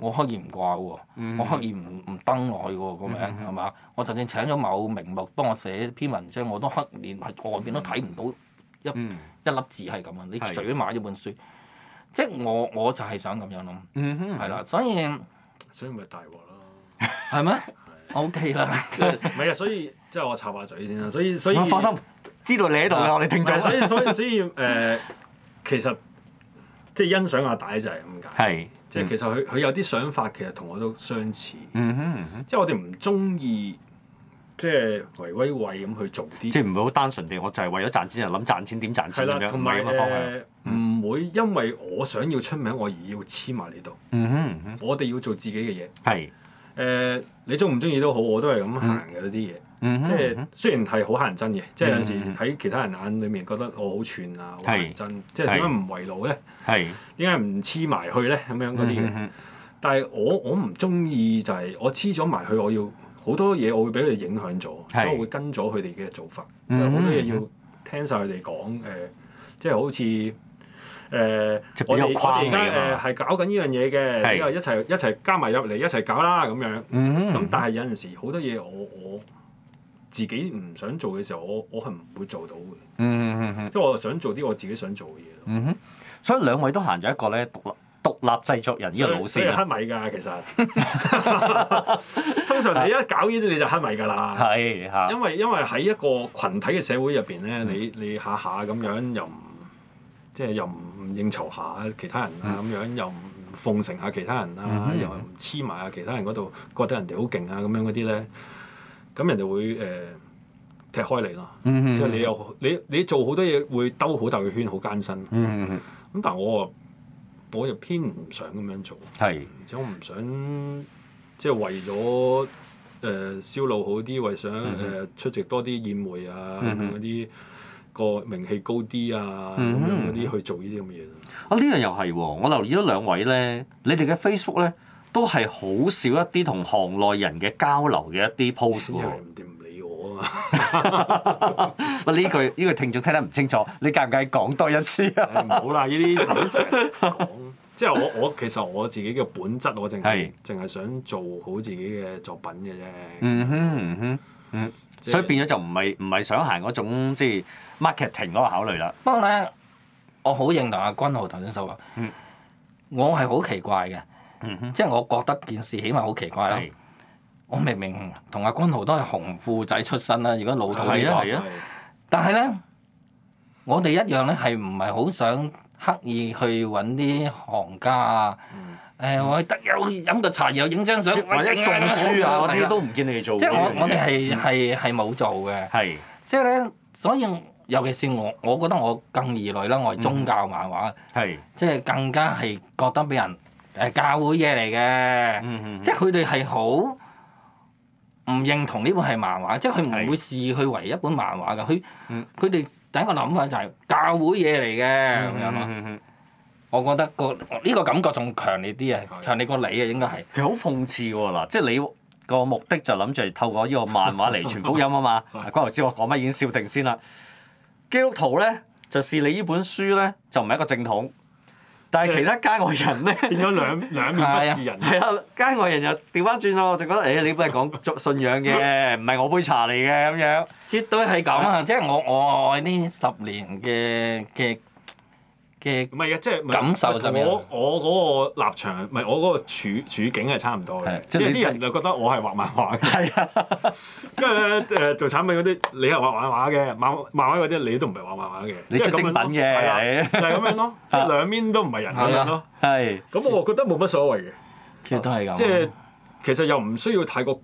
我刻意唔掛喎，我刻意唔唔登外喎，咁樣係嘛？我就算請咗某名目幫我寫篇文章，我都刻意連喺外邊都睇唔到。Mm hmm. 一一粒字係咁啊！你隨便買咗本書，的即係我我就係想咁樣諗，係啦、mm hmm.，所以所以咪大鑊咯，係咩？O K 啦，唔係啊，所以即係我插下嘴先啊，所以所以放心，知道你喺度嘅我哋聽眾，所以所以所以誒，其實即係欣賞阿大就係咁解，即係是其實佢佢、mm hmm. 有啲想法其實同我都相似，mm hmm. 即係我哋唔中意。即係維威衞咁去做啲，即係唔會好單純地，我就係為咗賺錢就諗賺錢點賺錢咁樣。同埋誒唔會因為我想要出名我而要黐埋嚟度。我哋要做自己嘅嘢。係，你中唔中意都好，我都係咁行嘅嗰啲嘢。即係雖然係好乞人憎嘅，即係有時喺其他人眼裏面覺得我好串啊，好乞人憎。即係點解唔圍爐咧？係點解唔黐埋去咧？咁樣嗰啲。但係我我唔中意就係我黐咗埋去，我要。好多嘢我會俾佢影響咗，是因為我會跟咗佢哋嘅做法，即係好多嘢要聽晒佢哋講誒，即係好似誒、呃、我哋而家誒係搞緊呢樣嘢嘅，一齊一齊加埋入嚟一齊搞啦咁樣，咁、嗯、哼但係有陣時好多嘢我我自己唔想做嘅時候，我我係唔會做到嘅。即係、嗯、哼我想做啲我自己想做嘅嘢。嗯，所以兩位都行咗一個咧度啦。獨立製作人呢個老師啊，乞米㗎其實。 通常你一搞呢啲你就乞米㗎啦。因為因為喺一個群體嘅社會入邊咧，嗯、你你下下咁樣又唔即係又唔應酬下其他人啊咁，嗯、樣又唔奉承下其他人啊，嗯嗯嗯又唔黐埋下其他人嗰度覺得人哋好勁啊咁樣嗰啲咧，咁人哋會誒、呃、踢開你咯。即、嗯嗯嗯嗯、所以你又你你做好多嘢會兜好大嘅圈，好艱辛。嗯咁但係我啊～我又偏唔想咁樣做，係是，而且我唔想即係、就是，為咗誒銷路好啲，為想誒、嗯哼呃、出席多啲宴會啊，咁嗰啲個名氣高啲啊，咁、嗯、哼樣嗰啲去做呢啲咁嘅嘢。啊，呢樣又係喎，我留意咗兩位咧，你哋嘅 Facebook 咧都係好少一啲同行內人嘅交流嘅一啲 post 喎、嗯哼。嗯啊！呢句呢句聽眾聽得唔清楚，你介唔介意講多一次啊？唔好啦，呢啲想食，即係我我其實我自己嘅本質，我淨係淨係想做好自己嘅作品嘅啫。嗯哼嗯哼嗯，所以就係、所以變咗就唔係唔係想行嗰種即係 marketing 嗰個考慮啦。不過咧，我好認同阿君豪頭先所講。我係好奇怪嘅。嗯嗯、即係我覺得件事起碼好奇怪啦。我明明同阿君豪都係紅褲仔出身啦，如果老土啲講，啊啊、但係咧，我哋一樣咧係唔係好想刻意去揾啲行家啊？誒、嗯欸，我去特登飲個茶，又影張相，或者、啊、送書啊，嗰啲走都唔見你哋做、啊。即係、啊啊、我我哋係係係冇做嘅。即係咧，所以尤其是我，我覺得我更異類啦。我係宗教漫畫，即係、嗯、是更加係覺得俾人誒、呃呃、教會嘢嚟嘅。即係佢哋係好。唔認同呢本係漫畫，即係佢唔會視佢為一本漫畫噶。佢佢哋第一個諗法就係教會嘢嚟嘅。咁樣、嗯，嗯嗯嗯、我覺得個呢、呢個感覺仲強烈啲啊！嗯、強烈過你啊，應該係佢好諷刺喎嗱，即係你個目的就諗住透過呢個漫畫嚟傳福音啊嘛。 關唔知我講乜已經笑定先啦。基督徒咧就視你呢本書咧就唔係一個正統。但係其他街外人咧 兩，變咗兩兩面不是人。係啊，街、 啊、外人又調翻轉咯，就覺得誒、欸，你本嚟講做信仰嘅，唔係我杯茶嚟嘅咁樣。絕對係咁啊！即係 我我我呢十年嘅嘅。唔即嘅感受上就是、是感受我我嗰個立場，唔係我嗰個處處境係差唔多嘅，即係啲人就覺得我係畫漫畫嘅，跟住因為咧做產品嗰啲，你係畫漫畫嘅，漫漫畫嗰啲你都唔係畫漫畫嘅，你咁精品嘅係，就係咁樣咯，即係、就是、 兩邊都唔係人咁樣咯，係，咁我覺得冇乜所謂嘅，即係都係咁，即係、啊、其實又唔需要太過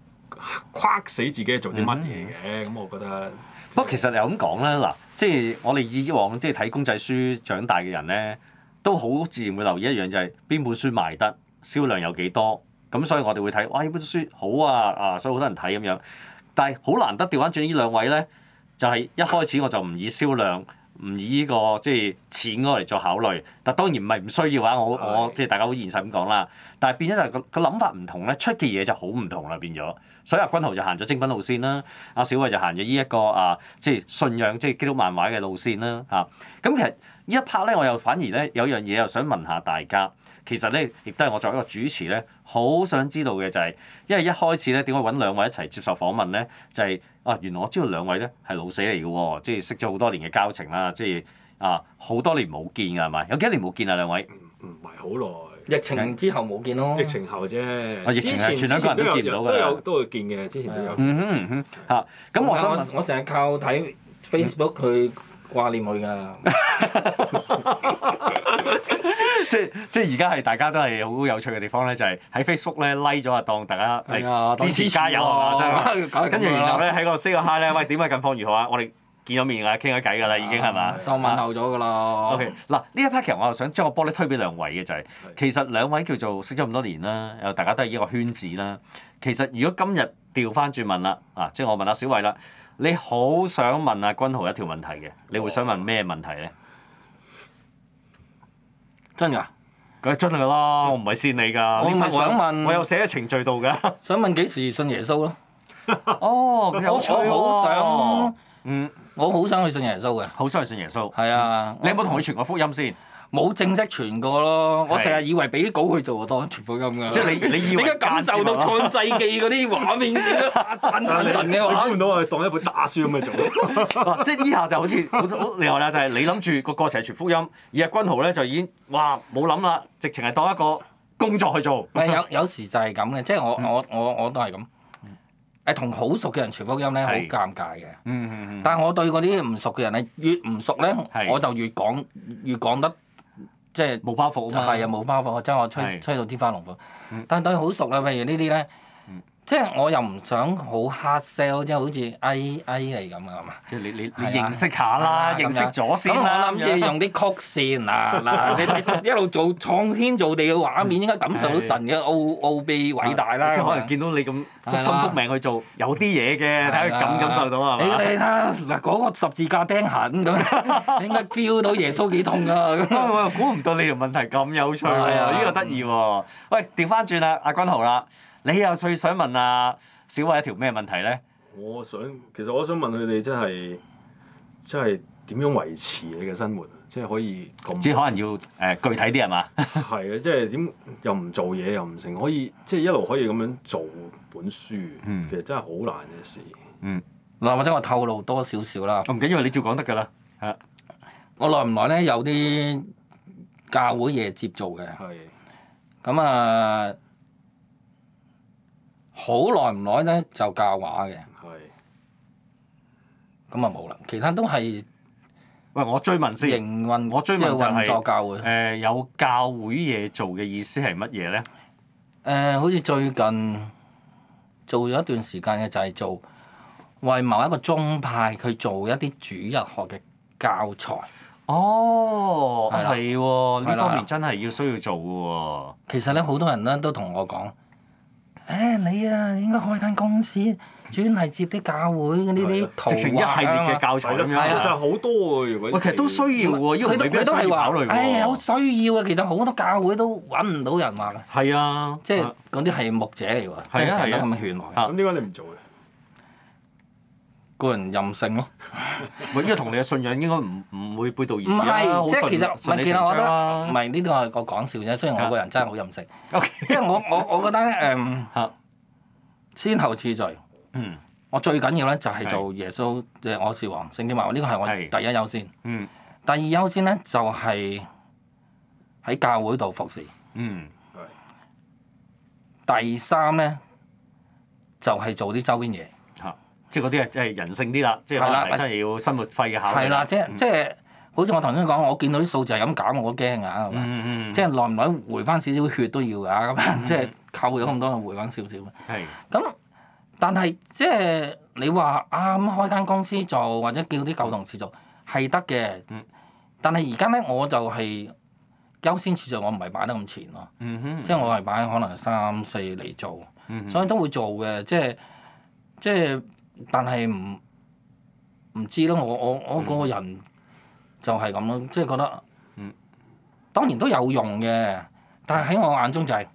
誇死自己做啲乜嘢嘅，咁、嗯、哼我覺得。不過其實又咁講啦，嗱，即係我哋以往即係睇公仔書長大嘅人咧，都好自然會留意一樣就係、是、邊本書賣得銷量有幾多，咁所以我哋會睇，哇！呢本書好啊，啊，所以好多人睇咁樣，但係好難得掉返轉呢兩位咧，就係、是、一開始我就唔以銷量。唔以依、這個即係錢嗰個嚟做考慮，但當然唔係唔需要啊！我我即係大家好現實咁講啦，但係變咗就係個個諗法唔同咧，出嘅嘢就好唔同啦，變咗。所以阿、啊、君豪就行咗精品路線啦，阿、啊、小慧就行咗依一個啊，即係信仰即係基督漫畫嘅路線啦，嚇、啊。咁、啊、其實一呢一拍咧，我又反而咧有樣嘢又想問下大家。其實咧，亦都係我作為一個主持咧，好想知道嘅就係、是，因為一開始咧點解揾兩位一齊接受訪問咧？就係、是、啊，原來我知道兩位咧係老死嚟嘅喎，即係識咗好多年嘅交情啦，即係啊，好多年冇見㗎係咪？有幾多年冇見啊兩位？唔係好耐。疫情之後冇見咯。疫情後啫、啊。疫情係前全兩個人都見唔到㗎。都有都會見嘅，之前都有。嗯嗯嗯嚇。咁、啊啊、我想問。我成日靠睇 Facebook，去掛念佢㗎。即係即而家係大家都係好有趣嘅地方咧，就係、是、喺 Facebook 咧 like 咗啊，當大家支持加油啊嘛，跟住以然，然後咧喺 個 say hi 咧，喂點解近況如何聊聊啊？我哋見咗面啊，傾咗偈㗎啦，已經係嘛，當問候咗㗎、okay. 啦。OK 嗱呢一 part 其實我係想將個波咧推俾兩位嘅就係、是、的其實兩位叫做識咗咁多年啦，又大家都係依個圈子啦。其實如果今日調翻轉問啦啊，即係我問阿小維啦，你好想問阿君豪一條問題嘅，你會想問咩問題咧？Oh. 真噶，梗係真噶啦，我唔係騙你噶。我唔係想問我，我有寫喺程序度嘅。想問幾時信耶穌咯？ 哦佢有趣、啊我，我好想，嗯，我好想去信耶穌嘅。好想去信耶穌。係啊，我你有冇同佢傳過福音先？冇正式傳過咯，我成日以為俾啲稿去做當傳福音㗎。即係你，你以為？ 你而家感受到創世記嗰啲畫面點樣震撼？ 真神嘅畫唔到係當一本打書咁去做。 即係依下就好似好，然後咧就係你諗住個個成日傳福音，而阿君豪咧就已經哇冇諗啦，直情係當一個工作去做。有有時就係咁嘅，即係我、嗯、我我我都係咁。誒，同好熟嘅人傳福音咧，好尷尬嘅。嗯嗯、但係我對嗰啲唔熟嘅人咧，越唔熟咧，我就越講越講得。即係冇包袱啊嘛，係啊，冇包袱，我真我吹的吹到天花龍鳳，但對好熟啦，譬如呢啲咧。即係我又唔想好 hard sell，即係好似 A A 嚟咁啊嘛！即係你你你認識下啦，認識咗先咁我諗住用啲曲線嗱嗱，一路做創天造地嘅畫面，應該感受到神嘅奧奧秘偉大啦。即係可能見到你咁心苦命去做，有啲嘢嘅睇下佢感感受到啊你睇下嗱嗰個十字架釘痕咁，應該 feel 到耶穌幾痛啊！我又估唔到你條問題咁有趣，呢個得意喎！喂，調翻轉啦，阿君豪啦～你又最想問啊小偉一條咩問題咧？我想其實我想問佢哋真係真係點樣維持你嘅生活？即係可以咁？只可能要誒具體啲係嘛？係啊， 即係點又唔做嘢又唔成，可以即係一路可以咁樣做本書。嗯，其實真係好難嘅事。嗯，嗱或者我透露多少少啦。唔緊要，你照講得㗎啦。係，我耐唔耐咧？有啲教會嘢接做嘅。係。咁啊～呃好耐唔耐咧，就教畫嘅，咁啊冇啦，其他都係喂我追問先，營運我追問運作教會，就係呃、有教會嘢做嘅意思係乜嘢咧？誒、呃，好似最近做咗一段時間嘅，就係做為某一個宗派，去做一啲主日學嘅教材。哦，係喎了，呢方面真係要需要做嘅喎。了其實咧，好多人咧都同我講。誒你啊，應該開間公司，專係接啲教會嗰啲啲圖畫啊嘛。直情一系列嘅教材咁樣，其實好多喎。如果其實都需要喎，因為佢都需要考慮，係啊，好需要啊！其實好多教會都揾唔到人話喇。係啊。即係嗰啲係牧者嚟喎，即係成日得咁嘅勸來。咁點解你唔做嘅？個人任性咯，應該同你嘅信仰應該唔唔會背道而馳啦。唔係，即係其實，其實我覺得唔係呢個係個講笑啫。雖然我個人真係好任性，即係我我我覺得誒，嗯，先後次序。嗯，我最緊要咧就係做耶穌，即係我主王聖經話，呢個係我第一優先。嗯，第二優先咧就係喺教會度服侍。嗯，第三咧就係做啲周邊嘢。即係嗰啲啊，即係人性啲啦。即係下年真係要生活費嘅下。係啦，即係即係，好似我頭先講，我見到啲數字係咁減，我都驚㗎，係咪？嗯嗯。即係耐唔耐回翻少少血都要㗎，咁即係扣咗咁多，回翻少少。咁但係即係你話啱開間公司做或者叫啲舊同事做係得嘅。嗯。但係而家咧，我就係優先次序，我唔係擺得咁前咯。嗯哼。即係我係擺可能三四嚟做，所以都會做嘅，即係即係。但係唔唔知咯，我我我個人就係咁咯，即、就、係、是、覺得，當然都有用嘅。但係喺我眼中就係、是、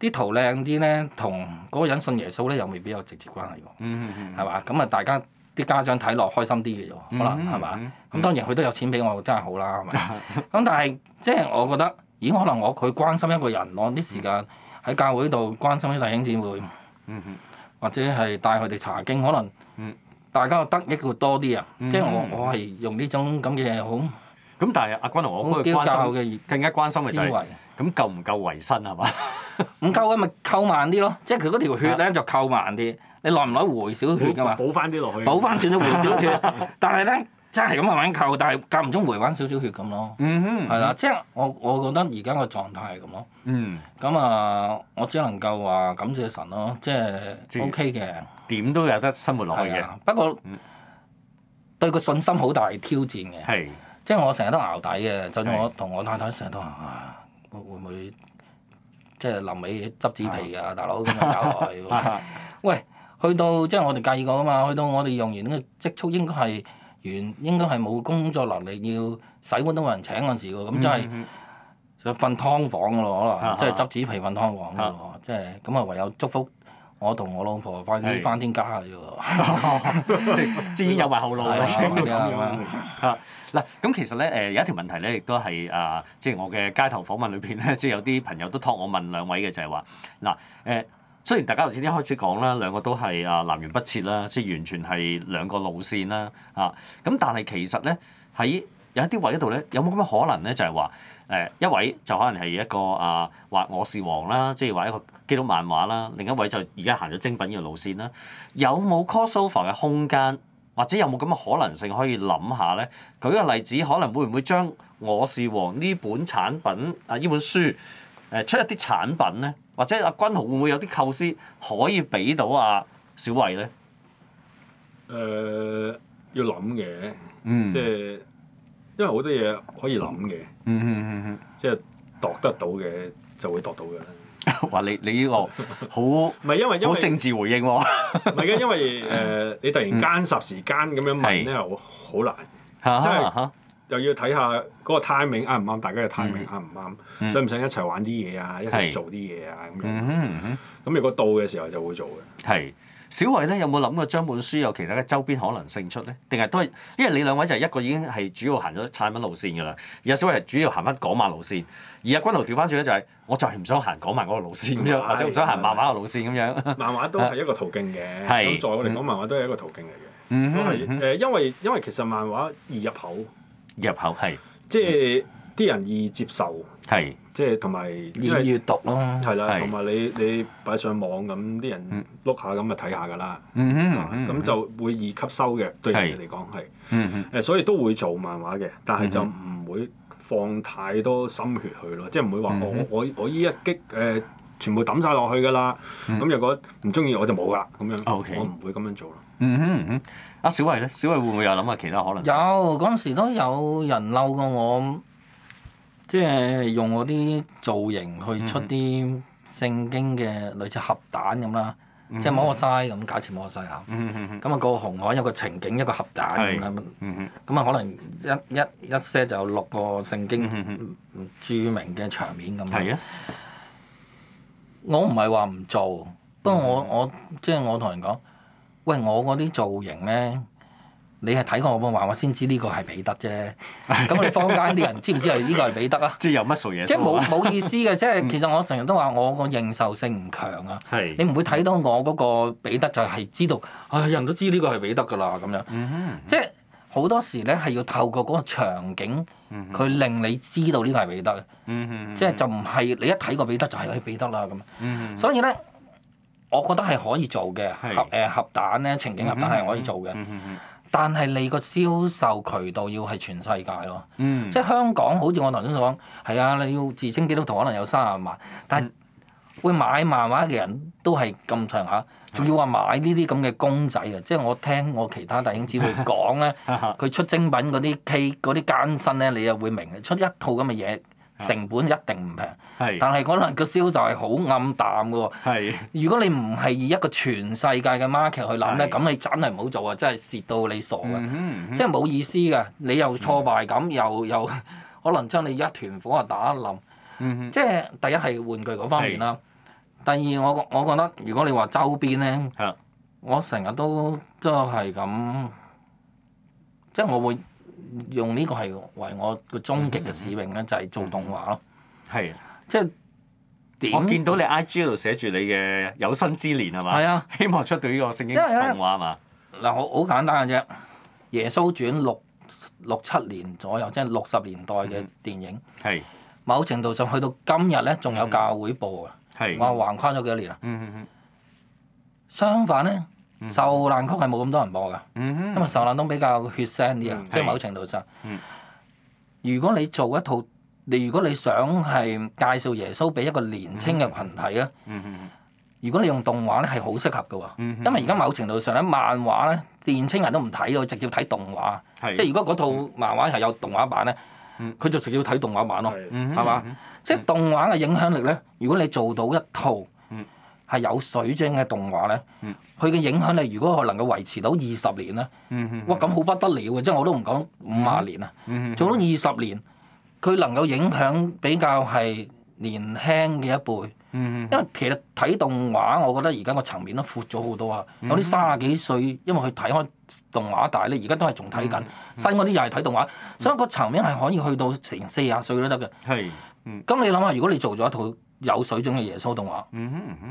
啲圖靚啲咧，同嗰個人信耶穌咧又未必有直接關係喎、嗯。嗯係嘛？咁啊，大家啲家長睇落開心啲嘅啫喎，可能係嘛？咁當然佢都有錢俾我，真係好啦。係咪？咁、嗯嗯、 但係即係我覺得，咦？可能我佢關心一個人，攞啲時間喺教會度關心啲弟兄姊妹。嗯嗯或者係帶佢哋查經，可能大家得益會多啲啊！即係、嗯、我我係用呢種咁嘅好。咁、嗯嗯、但係阿君同我更加關心嘅、就是，更加關心嘅就係咁夠唔夠維生係嘛？唔夠嘅咪、就是、扣慢啲咯，即係佢嗰條血咧就扣慢啲。你耐唔耐回少血㗎嘛？補翻啲落去。補翻少少回少血，但係咧。真係咁啊，慢慢扣，但係間唔中回返少少血咁咯。嗯哼。係啦，即係我我覺得而家個狀態係咁咯。嗯。咁啊，我只能夠話感謝神咯，即係 OK 嘅。點都有得生活落去嘅。不過對個信心好大挑戰嘅。係。即係我成日都淆底嘅，就算我同我太太成日都話，會會唔會即係臨尾執紙皮啊？大佬咁樣搞落去。喂，去到即係我哋計過啊嘛，去到我哋用完呢個積蓄應該係。原應該係冇工作能力，要洗碗都冇人請嗰陣時喎，咁真係瞓劏房嘅咯，嗯、可能真係執紙皮瞓劏房嘅咯，即係咁啊唯有祝福我同我老婆快啲翻天家嘅啫喎，即至於有埋後路先。啊嗱，咁、啊、其實咧誒有一條問題咧，亦都係啊，即係我嘅街頭訪問裏邊咧，即係有啲朋友都托我問兩位嘅就係話嗱誒。雖然大家頭先一開始講啦，兩個都係啊南轅北轍啦，即係完全係兩個路線啦，啊咁但係其實咧喺有一啲位度咧，有冇咁嘅可能咧？就係話誒一位就可能係一個啊話我是王啦，即係話一個基督漫畫啦，另一位就而家行咗精品嘅路線啦、啊，有冇 cross over 嘅空間，或者有冇咁嘅可能性可以諗下咧？舉個例子，可能會唔會將我是王呢本產品啊呢本書誒、啊、出一啲產品咧？或者阿君豪會唔會有啲構思可以俾到阿小慧咧？誒、呃，要諗嘅，嗯、即係因為好多嘢可以諗嘅，即係度得到嘅就會度到嘅。話你你呢個好，唔係 因為因為政治回應喎為，唔係嘅，因為誒、 uh, 你突然間霎時間咁樣問咧，好好是 難，即係是。又要睇下嗰個 timing 啱唔啱，大家嘅 timing 啱唔啱，想唔想一齊玩啲嘢啊，一齊做啲嘢啊咁樣。咁如果到嘅時候就會做嘅。係小維咧有冇諗過將本書有其他嘅周邊可能性出咧？定係都係因為你兩位就係一個已經係主要行咗產品路線嘅啦，而阿小維係主要行翻港漫路線，而阿君豪調翻轉咧就係我就係唔想行港漫嗰個路線咁樣，或者唔想行漫畫嘅路線咁樣。漫畫都係一個途徑嘅，咁作為我哋講漫畫都係一個途徑嚟嘅。嗯哼，誒因為因為其實漫畫易入口。入口係，即係啲人易接受，即係同埋易易讀係，啊、啦，同埋是你你擺上網咁，啲人 look 下咁就睇下㗎啦，咁、嗯嗯啊、就會易吸收嘅，是對人嚟講係，誒、嗯、哼所以都會做漫畫嘅，但係就唔會放太多心血去咯，嗯、哼即係唔會話我、嗯、哼我我依一激。誒、呃。全部抌晒落去㗎啦！咁、嗯、如果唔中意我就冇啦，咁樣 Okay. 我唔會咁樣做咯、嗯。嗯阿小維咧，小維會唔會又諗下其他可能？有嗰陣時都有人嬲過我，即係用我啲造型去出啲聖經嘅類似核彈咁啦，即係摩西咁假設摸西摩西嚇。嗯咁，哼啊、嗯、哼個紅海有個情景，一個核彈咁樣。咁啊、嗯、可能一一一些就有六個聖經、嗯、著名嘅場面咁。係。我唔係話唔做，不過我我即係我同人講，喂，我嗰啲造型咧，你係睇過我畫畫先知呢個係彼得啫。咁你坊間啲人知唔知係呢個係彼得啊？即係有乜數嘢？即係冇冇意思嘅，即係其實我成日都話我個認受性唔強啊。 你唔會睇到我嗰個彼得就係知道，唉、哎，人都知呢個係彼得㗎啦咁樣。 即係。好多時咧係要透過嗰個場景，佢、嗯、哼令你知道呢個係美德。嘅、嗯哼，即係就唔係你一睇個美德就係係美德啦咁。嗯、哼所以咧，我覺得係可以做嘅核誒核彈咧情景核彈係可以做嘅，嗯、哼但係你個銷售渠道要係全世界咯。嗯、即係香港好似我頭先所講，係啊，你要自稱基督徒可能有三廿萬，但係，嗯會買漫畫嘅人都係咁上下，仲要話買呢啲咁嘅公仔啊！是的 即係我聽我其他弟兄姊妹講咧，佢 出精品嗰啲 K 嗰啲艱辛咧，你又會明，出一套咁嘅嘢，成本一定唔平。是的 但係可能個銷就係好暗淡嘅喎。是的 如果你唔係以一個全世界嘅 market 去諗咧，咁是的 你真係唔好做啊！真係蝕到你傻嘅，嗯哼嗯哼即係冇意思嘅。你又挫敗感，又又，又，又可能將你一團火啊打冧。嗯、哼 即係第一係玩具嗰方面啦。第二，我我覺得如果你話周邊咧，我成日都都係咁，即係我會用呢個係為我嘅終極嘅使命咧，就係做動畫咯。係，即係我見到你 IG 度寫住你嘅有生之年係嘛？係啊，希望出到呢個聖經動畫嘛？嗱，好好簡單嘅啫。耶穌傳六六七年左右，即係六十年代嘅電影。係。某程度上，去到今日咧，仲有教會播嘅。話橫跨咗幾多年啊？相反咧，受難曲係冇咁多人播噶，因為受難曲比較血腥啲啊。即係某程度上，如果你做一套，你如果你想係介紹耶穌俾一個年輕嘅群體咧，如果你用動畫咧，係好適合㗎喎，因為而家某程度上咧，漫畫咧，年輕人都唔睇㗎，直接睇動畫。即係如果嗰套漫畫係有動畫版咧，佢就直接睇動畫版咯，係嘛？即係動畫嘅影響力咧，如果你做到一套係有水準嘅動畫咧，佢嘅影響力如果係能夠維持到二十年咧，哇咁好不得了啊！即係我都唔講五十年啊，做到二十年，佢能夠影響比較係年輕嘅一輩，因為其實睇動畫，我覺得而家個層面都闊咗好多啊！有啲三十幾歲，因為佢睇開動畫但係咧，而家都係仲睇緊新嗰啲又係睇動畫，所以個層面係可以去到成四十歲都得嘅。咁你諗下，如果你做咗一套有水準嘅耶穌動畫，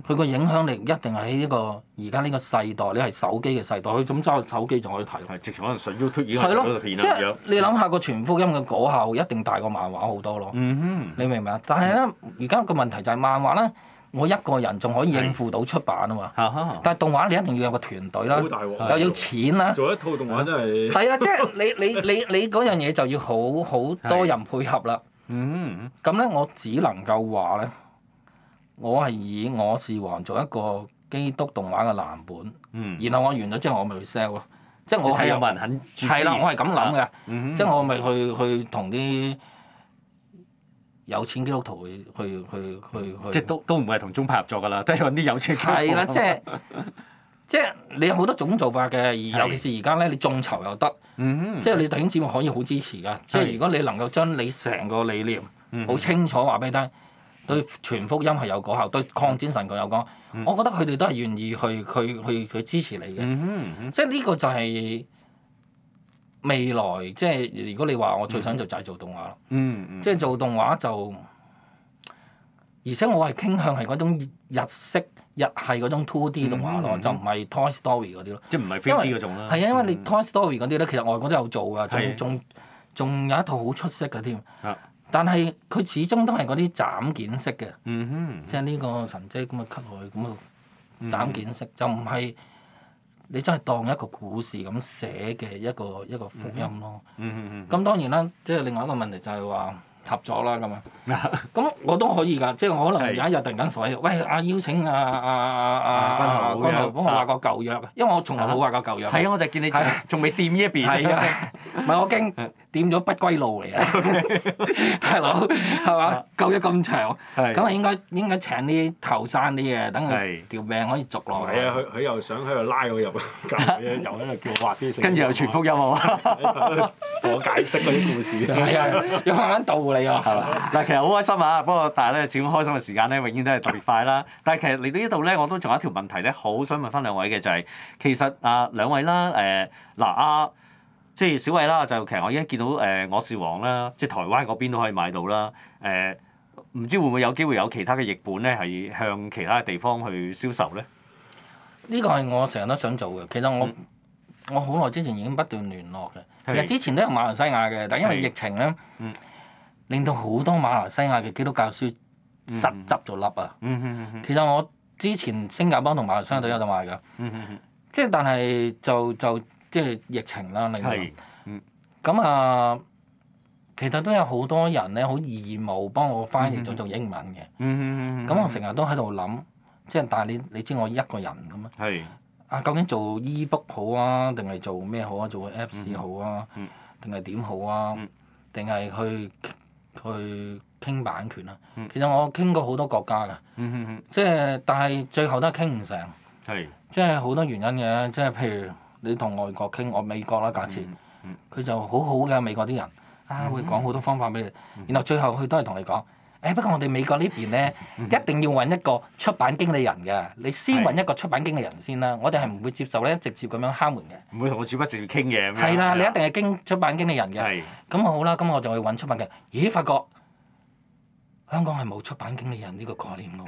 佢個影響力一定喺呢個而家呢個世代，你係手機嘅世代，佢咁揸手機就可以睇。係，直情可能上 YouTube 已經喺嗰度出現咗。係咯，即係你諗下個全福音嘅果效，一定大過漫畫好多咯。嗯哼，你明唔明啊？但係咧，而家個問題就係漫畫咧，我一個人仲可以應付到出版啊嘛。但係動畫你一定要有個團隊啦，又要錢啦。做一套動畫真係。係啊，即係你你你你嗰樣嘢就要好好多人配合啦。嗯，咁咧、mm hmm. 我只能夠話咧，我係以我是王做一個基督動畫嘅藍本，mm hmm. 然後我完咗之後我咪去 sell 咯，即係我睇有冇人肯，係啦，我係咁諗嘅，mm hmm. 即係我咪去去同啲有錢基督徒去去去去，去去即係都都唔會係同宗派合作噶啦，都係揾啲有錢。係啦，即係。即係你有好多種做法嘅，尤其是而家咧，你眾籌又得，即係你弟兄姊妹可以好支持㗎。即係如果你能夠將你成個理念好清楚話俾你聽，對全福音係有果效，對擴展神國有果效。我覺得佢哋都係願意去去去去支持你嘅。即係呢個就係未來。即係如果你話我最想就係做動畫咯。即係做動畫就，而且我係傾向係嗰種日式。日系嗰種 two D 動畫咯，就唔係 Toy Story 嗰啲咯。即唔係 three D 嗰種啦。係啊，因為你 Toy Story 嗰啲咧，其實外國都有做噶，仲仲仲有一套好出色嘅添。但係佢始終都係嗰啲斬件式嘅。即係呢個神跡咁樣，吸落去咁樣，斬件式就唔係你真係當一個故事咁寫嘅一個一個福音咯。嗯，咁當然啦，即係另外一個問題就係話。合作啦咁啊，咁我都可以噶，即係可能有一日突然間所謂，喂啊邀請啊啊啊啊，江頭幫我畫個舊約啊，因為我從來冇畫過舊約。係啊，我就見你仲未掂呢一邊。係啊，唔係我驚掂咗不歸路嚟啊大佬，l 係嘛？舊約咁長，咁啊應該應該請啲後生啲嘅，等佢條命可以續落去。係啊，佢佢又想喺度拉我入去。搞嘅，又喺度叫我畫啲。跟住又傳福音，同我解釋嗰啲故事。係啊，又慢慢到係啊，係啦。但其實好開心啊，不過但係咧，始終開心嘅時間咧，永遠都係特別快啦。但係其實嚟到呢度咧，我都仲有一條問題咧，好想問翻兩位嘅就係、是，其實啊兩位啦，誒、呃、嗱啊，即係小偉啦，就其實我而家見到誒，我是王啦，即係台灣嗰邊都可以買到啦。誒、呃，唔知會唔會有機會有其他嘅譯本咧，係向其他嘅地方去銷售咧？呢個係我成日都想做嘅。其實我、嗯、我好耐之前已經不斷聯絡嘅。是其實之前都有馬來西亞嘅，但係因為疫情咧，嗯。令到好多馬來西亞嘅基督教書失執咗笠啊！嗯、其實我之前新加坡同馬來西亞都有得賣噶，即係、嗯、但係就就即係、就是、疫情啦，令到咁啊，其實都有好多人咧，好義務幫我翻譯咗、嗯、做英文嘅。咁、嗯嗯嗯、我成日都喺度諗，即、就、係、是、但係你你知我一個人咁是啊？啊究竟做 Ebook 好啊，定係做咩好，好啊？做個 Apps、嗯嗯嗯嗯、好啊？定係點好啊？定係去？去傾版權啦，其實我傾過好多國家㗎，嗯、哼哼即係但係最後都係傾唔成，的即係好多原因嘅，即係譬如你同外國傾，我美國啦，假設佢、嗯、哼就好好嘅美國啲人，啊會講好多方法俾你，然後最後佢都係同你講。誒、哎、不過我哋美國呢邊咧，mm hmm. 一定要揾一個出版經理人㗎，你先揾一個出版經理人先啦。是我哋係唔會接受咧直接咁樣敲門嘅。唔會同個主筆直接傾嘅。咩？係啦、啊，啊、你一定係經出版經理人嘅。係是。咁好啦，咁我就去揾出版經理人。咦，發覺香港係冇出版經理人呢個概念嘅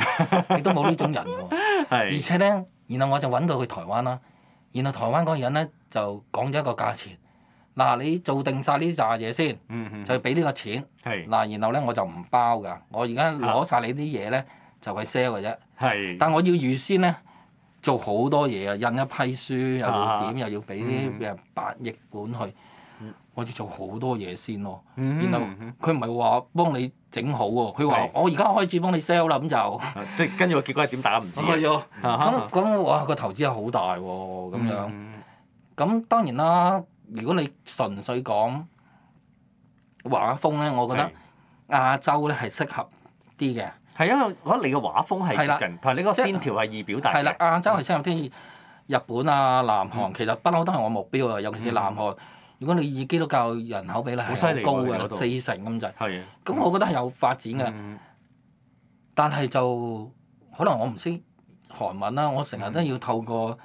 喎，亦都冇呢種人嘅喎。係 是。而且咧，然後我就揾到去台灣啦。然後台灣嗰人咧就講咗一個價錢。嗱，你做定晒呢扎嘢先，就俾呢個錢。嗱、嗯，然後咧我就唔包㗎。我而家攞晒你啲嘢咧，啊、就係 sell 㗎啫。但我要預先咧做好多嘢啊，印一批書，點點啊、又要點，又要俾啲百億本去，我要做好多嘢先咯。然後佢唔係話幫你整好喎，佢話我而家開始幫你 sell 啦，咁就即係跟住個結果係點打唔知、啊 啊。咁咁哇，個投資係好大喎，咁樣咁、嗯嗯、當然啦。啊如果你純粹講畫風咧，我覺得亞洲咧係適合啲嘅。係因為我覺得你嘅畫風係接近，同埋的你個線條係易表達。係啦，亞洲係適合啲日本啊、南韓。嗯、其實不嬲都係我目標啊，尤其是南韓。嗯、如果你以基督教人口比例係好高嘅，四、啊、成咁滯。係的。咁、嗯、我覺得係有發展嘅，嗯、但係就可能我唔識韓文啦，我成日都要透過。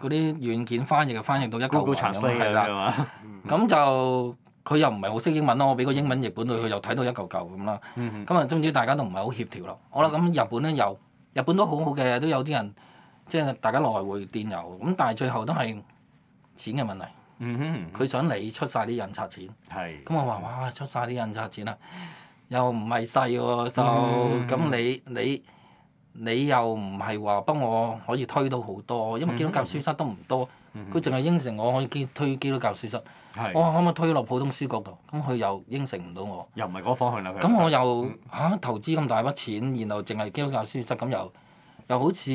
嗰啲軟件翻譯就翻譯到一嚿嚿咁樣係啦，咁就佢又唔係好識英文咯。我俾個英文譯本佢，佢又睇到一嚿嚿咁啦。咁啊，總之大家都唔係好協調咯。嗯、好啦，咁日本咧又日本都好好嘅，都有啲人即係、就是、大家來回電郵咁，但係最後都係錢嘅問題。佢、嗯嗯、想你出晒啲印刷錢。係、嗯。咁我話：哇，出晒啲印刷錢啦，又唔係細喎，就咁你你。你你又唔係話幫我可以推到好多，因為基督教書室都唔多，佢淨係應承我可以基推基督教書室。我話的、哦、可唔可以推落普通書局度？咁佢又應承唔到我。又唔係嗰方向啦。咁我又嚇、啊、投資咁大筆錢，然後淨係基督教書室，咁又又好似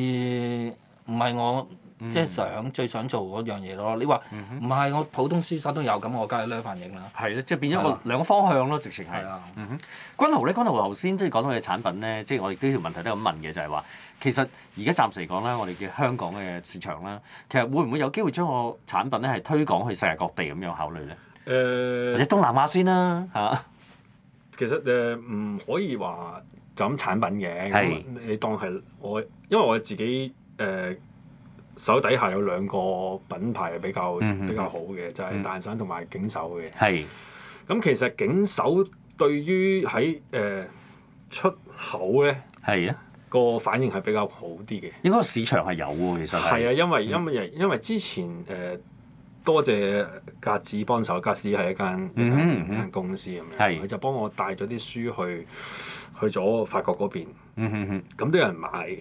唔係我。嗯、即係想最想做嗰樣嘢咯。你話唔係我普通書生都有咁，我梗係攞份影啦。係咯，即係變咗個的兩個方向咯，直情係。係啊的、嗯。君豪咧，君豪頭先即係講到嘅產品咧，即、就、係、是、我哋呢條問題都係咁問嘅，就係話其實而家暫時嚟講咧，我哋嘅香港嘅市場啦，其實會唔會有機會將個產品咧係推廣去世界各地咁樣考慮咧？誒、呃。或者東南亞先啦、啊。嚇、啊。其實誒，唔、呃、可以話就咁產品嘅。係的。你當係我，因為我自己誒。呃手底下有兩個品牌比較、嗯、哼比較好嘅，就係、是、大閂同埋警手嘅。咁是、嗯、其實警手對於喺誒、呃、出口咧、係、啊、個反應係比較好啲嘅。應該市場係有喎，其實係啊，因為因為因為之前誒、呃、多謝格子幫手，格子係一間、嗯、哼一間公司咁樣，佢是就幫我帶咗啲書去去咗法國嗰邊，咁、嗯、哼都有人買。係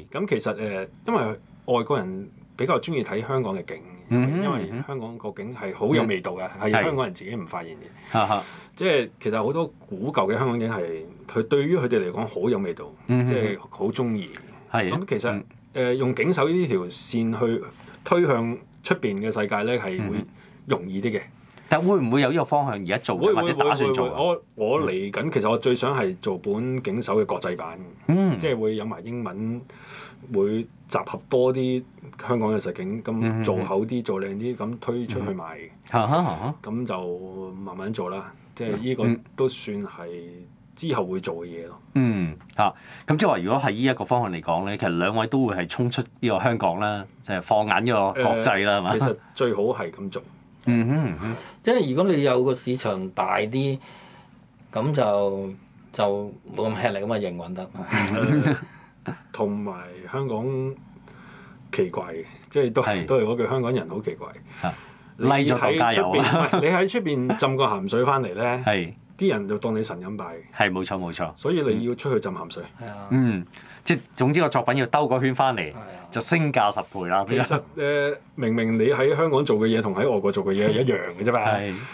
是，咁其實誒、呃，因為外國人比較中意睇香港嘅景，因為香港個景係好有味道嘅，係、嗯、哼香港人自己唔發現嘅。即係的其實好多古舊嘅香港景係佢對於佢哋嚟講好有味道，即係好中意。咁的其實誒、嗯呃、用景手呢條線去推向出邊嘅世界咧，係會容易啲嘅。但會唔會有呢個方向而家做，會或者打算做？我我嚟緊，其實我最想係做本警手嘅國際版，嗯、即係會有埋英文，會集合多啲香港嘅實景，咁、嗯、做厚啲，做靚啲，咁推出去賣。咁、嗯、就慢慢做啦。嗯、即係呢個都算係之後會做嘅嘢咯。嗯，嚇！咁即係話，如果係呢一個方向嚟講咧，其實兩位都會係衝出呢個香港啦，就係、是、放眼呢個國際啦，係嘛、呃？是是其實最好係咁做。嗯哼，嗯哼，即係如果你有個市場大啲，咁就就冇咁吃力咁啊營運得。同埋 香港奇怪嘅，即係都係的都係嗰句，香港人好奇怪啊啊。啊，拉咗個加油。你喺出邊浸個鹹水翻嚟咧，啲的人就當你神咁拜。係，冇錯冇錯。錯，所以你要出去浸鹹水。嗯。嗯的即係總之個作品要兜個圈翻嚟，就升價十倍啦。其實誒、呃，明明你喺香港做嘅嘢同喺外國做嘅嘢係一樣嘅啫嘛。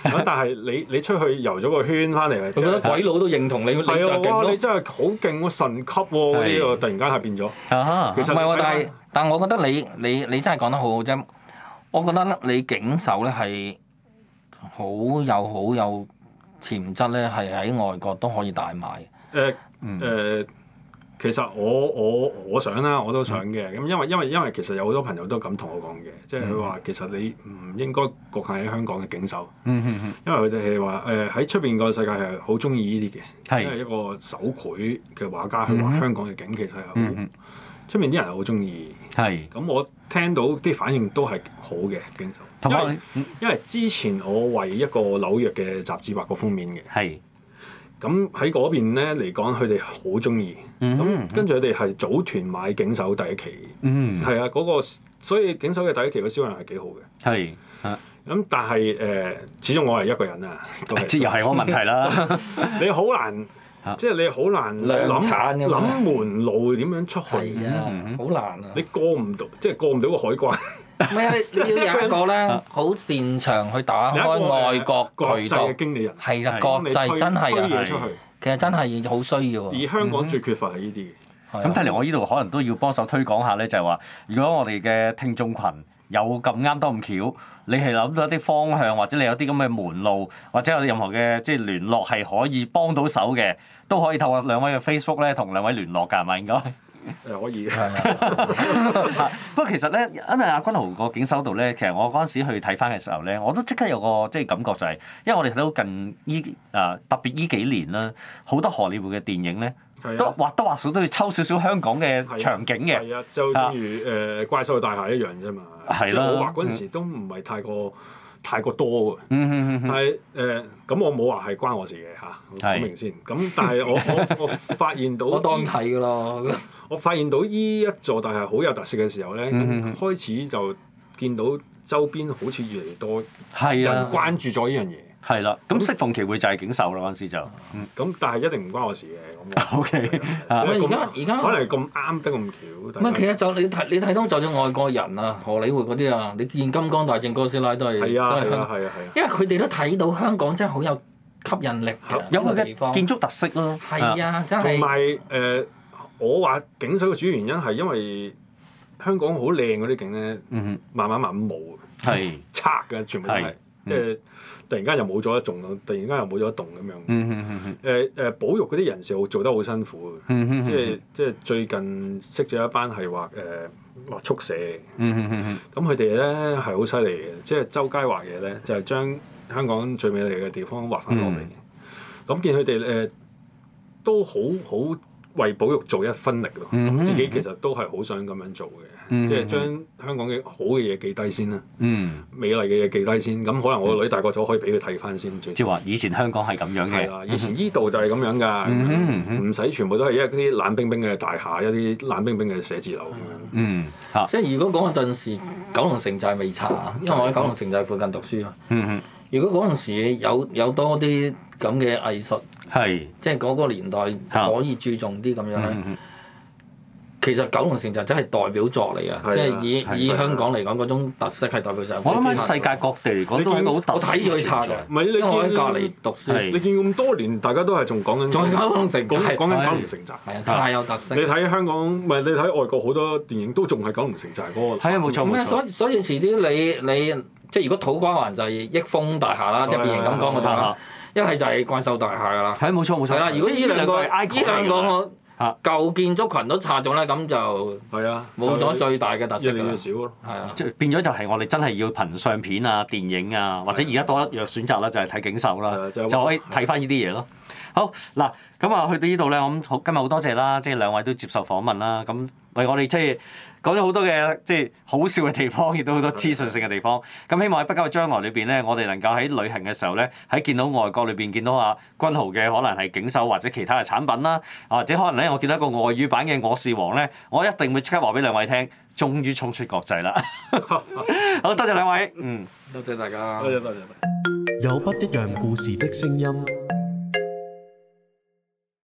咁 是 但係你你出去遊咗個圈翻嚟，你覺得鬼佬都認同你。哇的、啊！你真係好勁，神級喎、啊！呢個的突然間係變咗。啊、哈其實唔係喎，但係但係我覺得你你你，你真係講得好好啫。我覺得你警手咧係好有好有，有潛質咧，係喺外國都可以大賣。誒嗯、呃呃其實我我我想啦，我都想嘅。咁因為因為因為其實有好多朋友都咁同我講嘅，即係佢話其實你唔應該局限喺香港嘅景色，因為佢哋係話誒喺出邊個世界係好中意呢啲嘅。因為一個手繪嘅畫家去畫香港嘅景，其實係好出邊啲人係好中意。咁我聽到啲反應都係好嘅景色。同埋因為之前我為一個紐約嘅雜誌畫過封面嘅。咁喺嗰邊咧嚟講，佢哋好中意。咁跟住佢哋係組團買警手第一期。嗯哼，係啊，嗰、那個所以警手嘅第一期個銷量係幾好嘅。係。嚇、啊！咁、嗯、但係誒、呃，始終我係一個人啊，又係我問題啦。你好難，即係你好難諗諗門路點樣出去，好、啊嗯、哼難。你過唔到，即、就、係、是、過唔到個海關。唔係啊！你要有一個咧，好擅長去打開外國渠道嘅經理人，係啊，國際，國際，國際真係啊，其實真係好需要喎。而香港最缺乏係呢啲。咁睇嚟，我呢度可能都要幫手推廣下咧，就係話，如果我哋嘅聽眾群有咁啱得咁巧，你係諗到一啲方向，或者你有啲咁嘅門路，或者有任何嘅即係聯絡係可以幫到手嘅，都可以透過兩位嘅 Facebook 咧，同兩位聯絡㗎，係咪應該？應該誒可以， 不過其實咧，因為阿君豪個景修到咧，其實我嗰陣時去睇翻嘅時候咧，我都即刻有個即係、就是、感覺就係、是，因為我哋睇到近依啊特別依幾年啦，好多荷里活嘅電影咧，都或多或少都要抽少少香港嘅場景嘅。啊啊啊啊嗯、就正如誒怪獸大廈一樣啫嘛，即、就、係、是、我畫嗰陣時都唔係太過。太過多㗎，嗯、哼哼但係誒，咁我冇話係關我事嘅嚇，我講是明先。咁但係我我發現到，我發現㗎咯。我發現到依 一座大廈好有特色嘅時候咧，嗯、哼開始就見到周邊好似越嚟越多人關注咗依樣嘢。係啦，咁適逢其會就係警守啦，嗰陣時就。咁但係一定唔關我事嘅。O K。唔係，而家而家可能咁啱得咁巧。唔係，其實就你睇你睇到做咗外國人啊，荷里活嗰啲啊，你見《金剛大戰哥斯拉》都係都係香港。因為佢哋都睇到香港真係好有吸引力，有一個地方，建築特色咯。係啊，真係。同埋誒，我話警水嘅主要原因係因為香港好靚嗰啲景咧，慢慢慢慢冇，係拆嘅全部都係即係。突然間又冇咗一棟啦，突然間又冇咗一棟咁樣。誒誒、嗯嗯嗯呃，保育嗰啲人士做得好辛苦嘅，嗯嗯嗯，即係即係最近識咗一班係畫誒、呃、畫速寫。咁佢哋咧係好犀利嘅，即係周街畫嘢咧，就係、是、將香港最美麗嘅地方畫翻落嚟。咁見佢哋誒都好好為保育做一分力咯，自己其實都係好想咁樣做嘅。即係將香港嘅好嘅嘢記低先啦，美麗嘅嘢記低先，咁、嗯、可能我個女大個咗可以俾佢睇翻先，即係話以前香港係咁樣嘅， 以前依度就係咁樣㗎，唔使 全部都係一啲冷冰冰嘅大廈，一啲冷冰冰嘅寫字樓。即係如果講嗰陣時，九龍城寨未拆，因為我喺九龍城寨附近讀書啊。嗯嗯嗯、如果嗰陣時有有多啲咁嘅藝術，的即係嗰個年代可以注重啲咁樣咧。的其實《九龍城寨》真係代表作嚟噶，即係以以香港嚟講嗰種特色係代表作。我諗喺世界各地嚟講都已經好突出。唔係你見你喺隔離讀書，你見咁多年大家都係仲講緊九龍城寨，講緊九龍城寨，太有特色。你睇香港，唔係你睇外國好多電影都仲係九龍城寨嗰個。係啊，冇錯，咁所以遲啲你你，即係如果土瓜灣就係益豐大廈啦，即係變形金剛嗰套。一係就係怪獸大廈啦。係啊，冇錯冇錯啦。如果呢兩個係 i c o 啊！舊建築群都拆咗咧，咁就係啊，冇咗最大嘅特色啦。越嚟越少咯，係啊，即係變咗就係我哋真係要憑相片啊、電影啊，或者而家多一樣選擇啦，就係睇景秀啦，啊就係、就可以睇翻依啲嘢咯。啊、好嗱，咁啊，去到依度咧，我咁好，今日好多謝啦，即係兩位都接受訪問啦。咁為我哋即係。講咗好多嘅，即係好笑嘅地方，亦都好多資訊性嘅地方。咁希望喺不久嘅將來裏邊咧，我哋能夠喺旅行嘅時候咧，喺見到外國裏邊見到阿君豪嘅可能係景秀或者其他嘅產品啦，或者可能咧我見到一個外語版嘅我是王咧，我一定會即刻話俾兩位聽，終於衝出國際啦！ 好，多謝，謝兩位， 嗯，多謝大家，多謝多謝。有不一樣故事的聲音。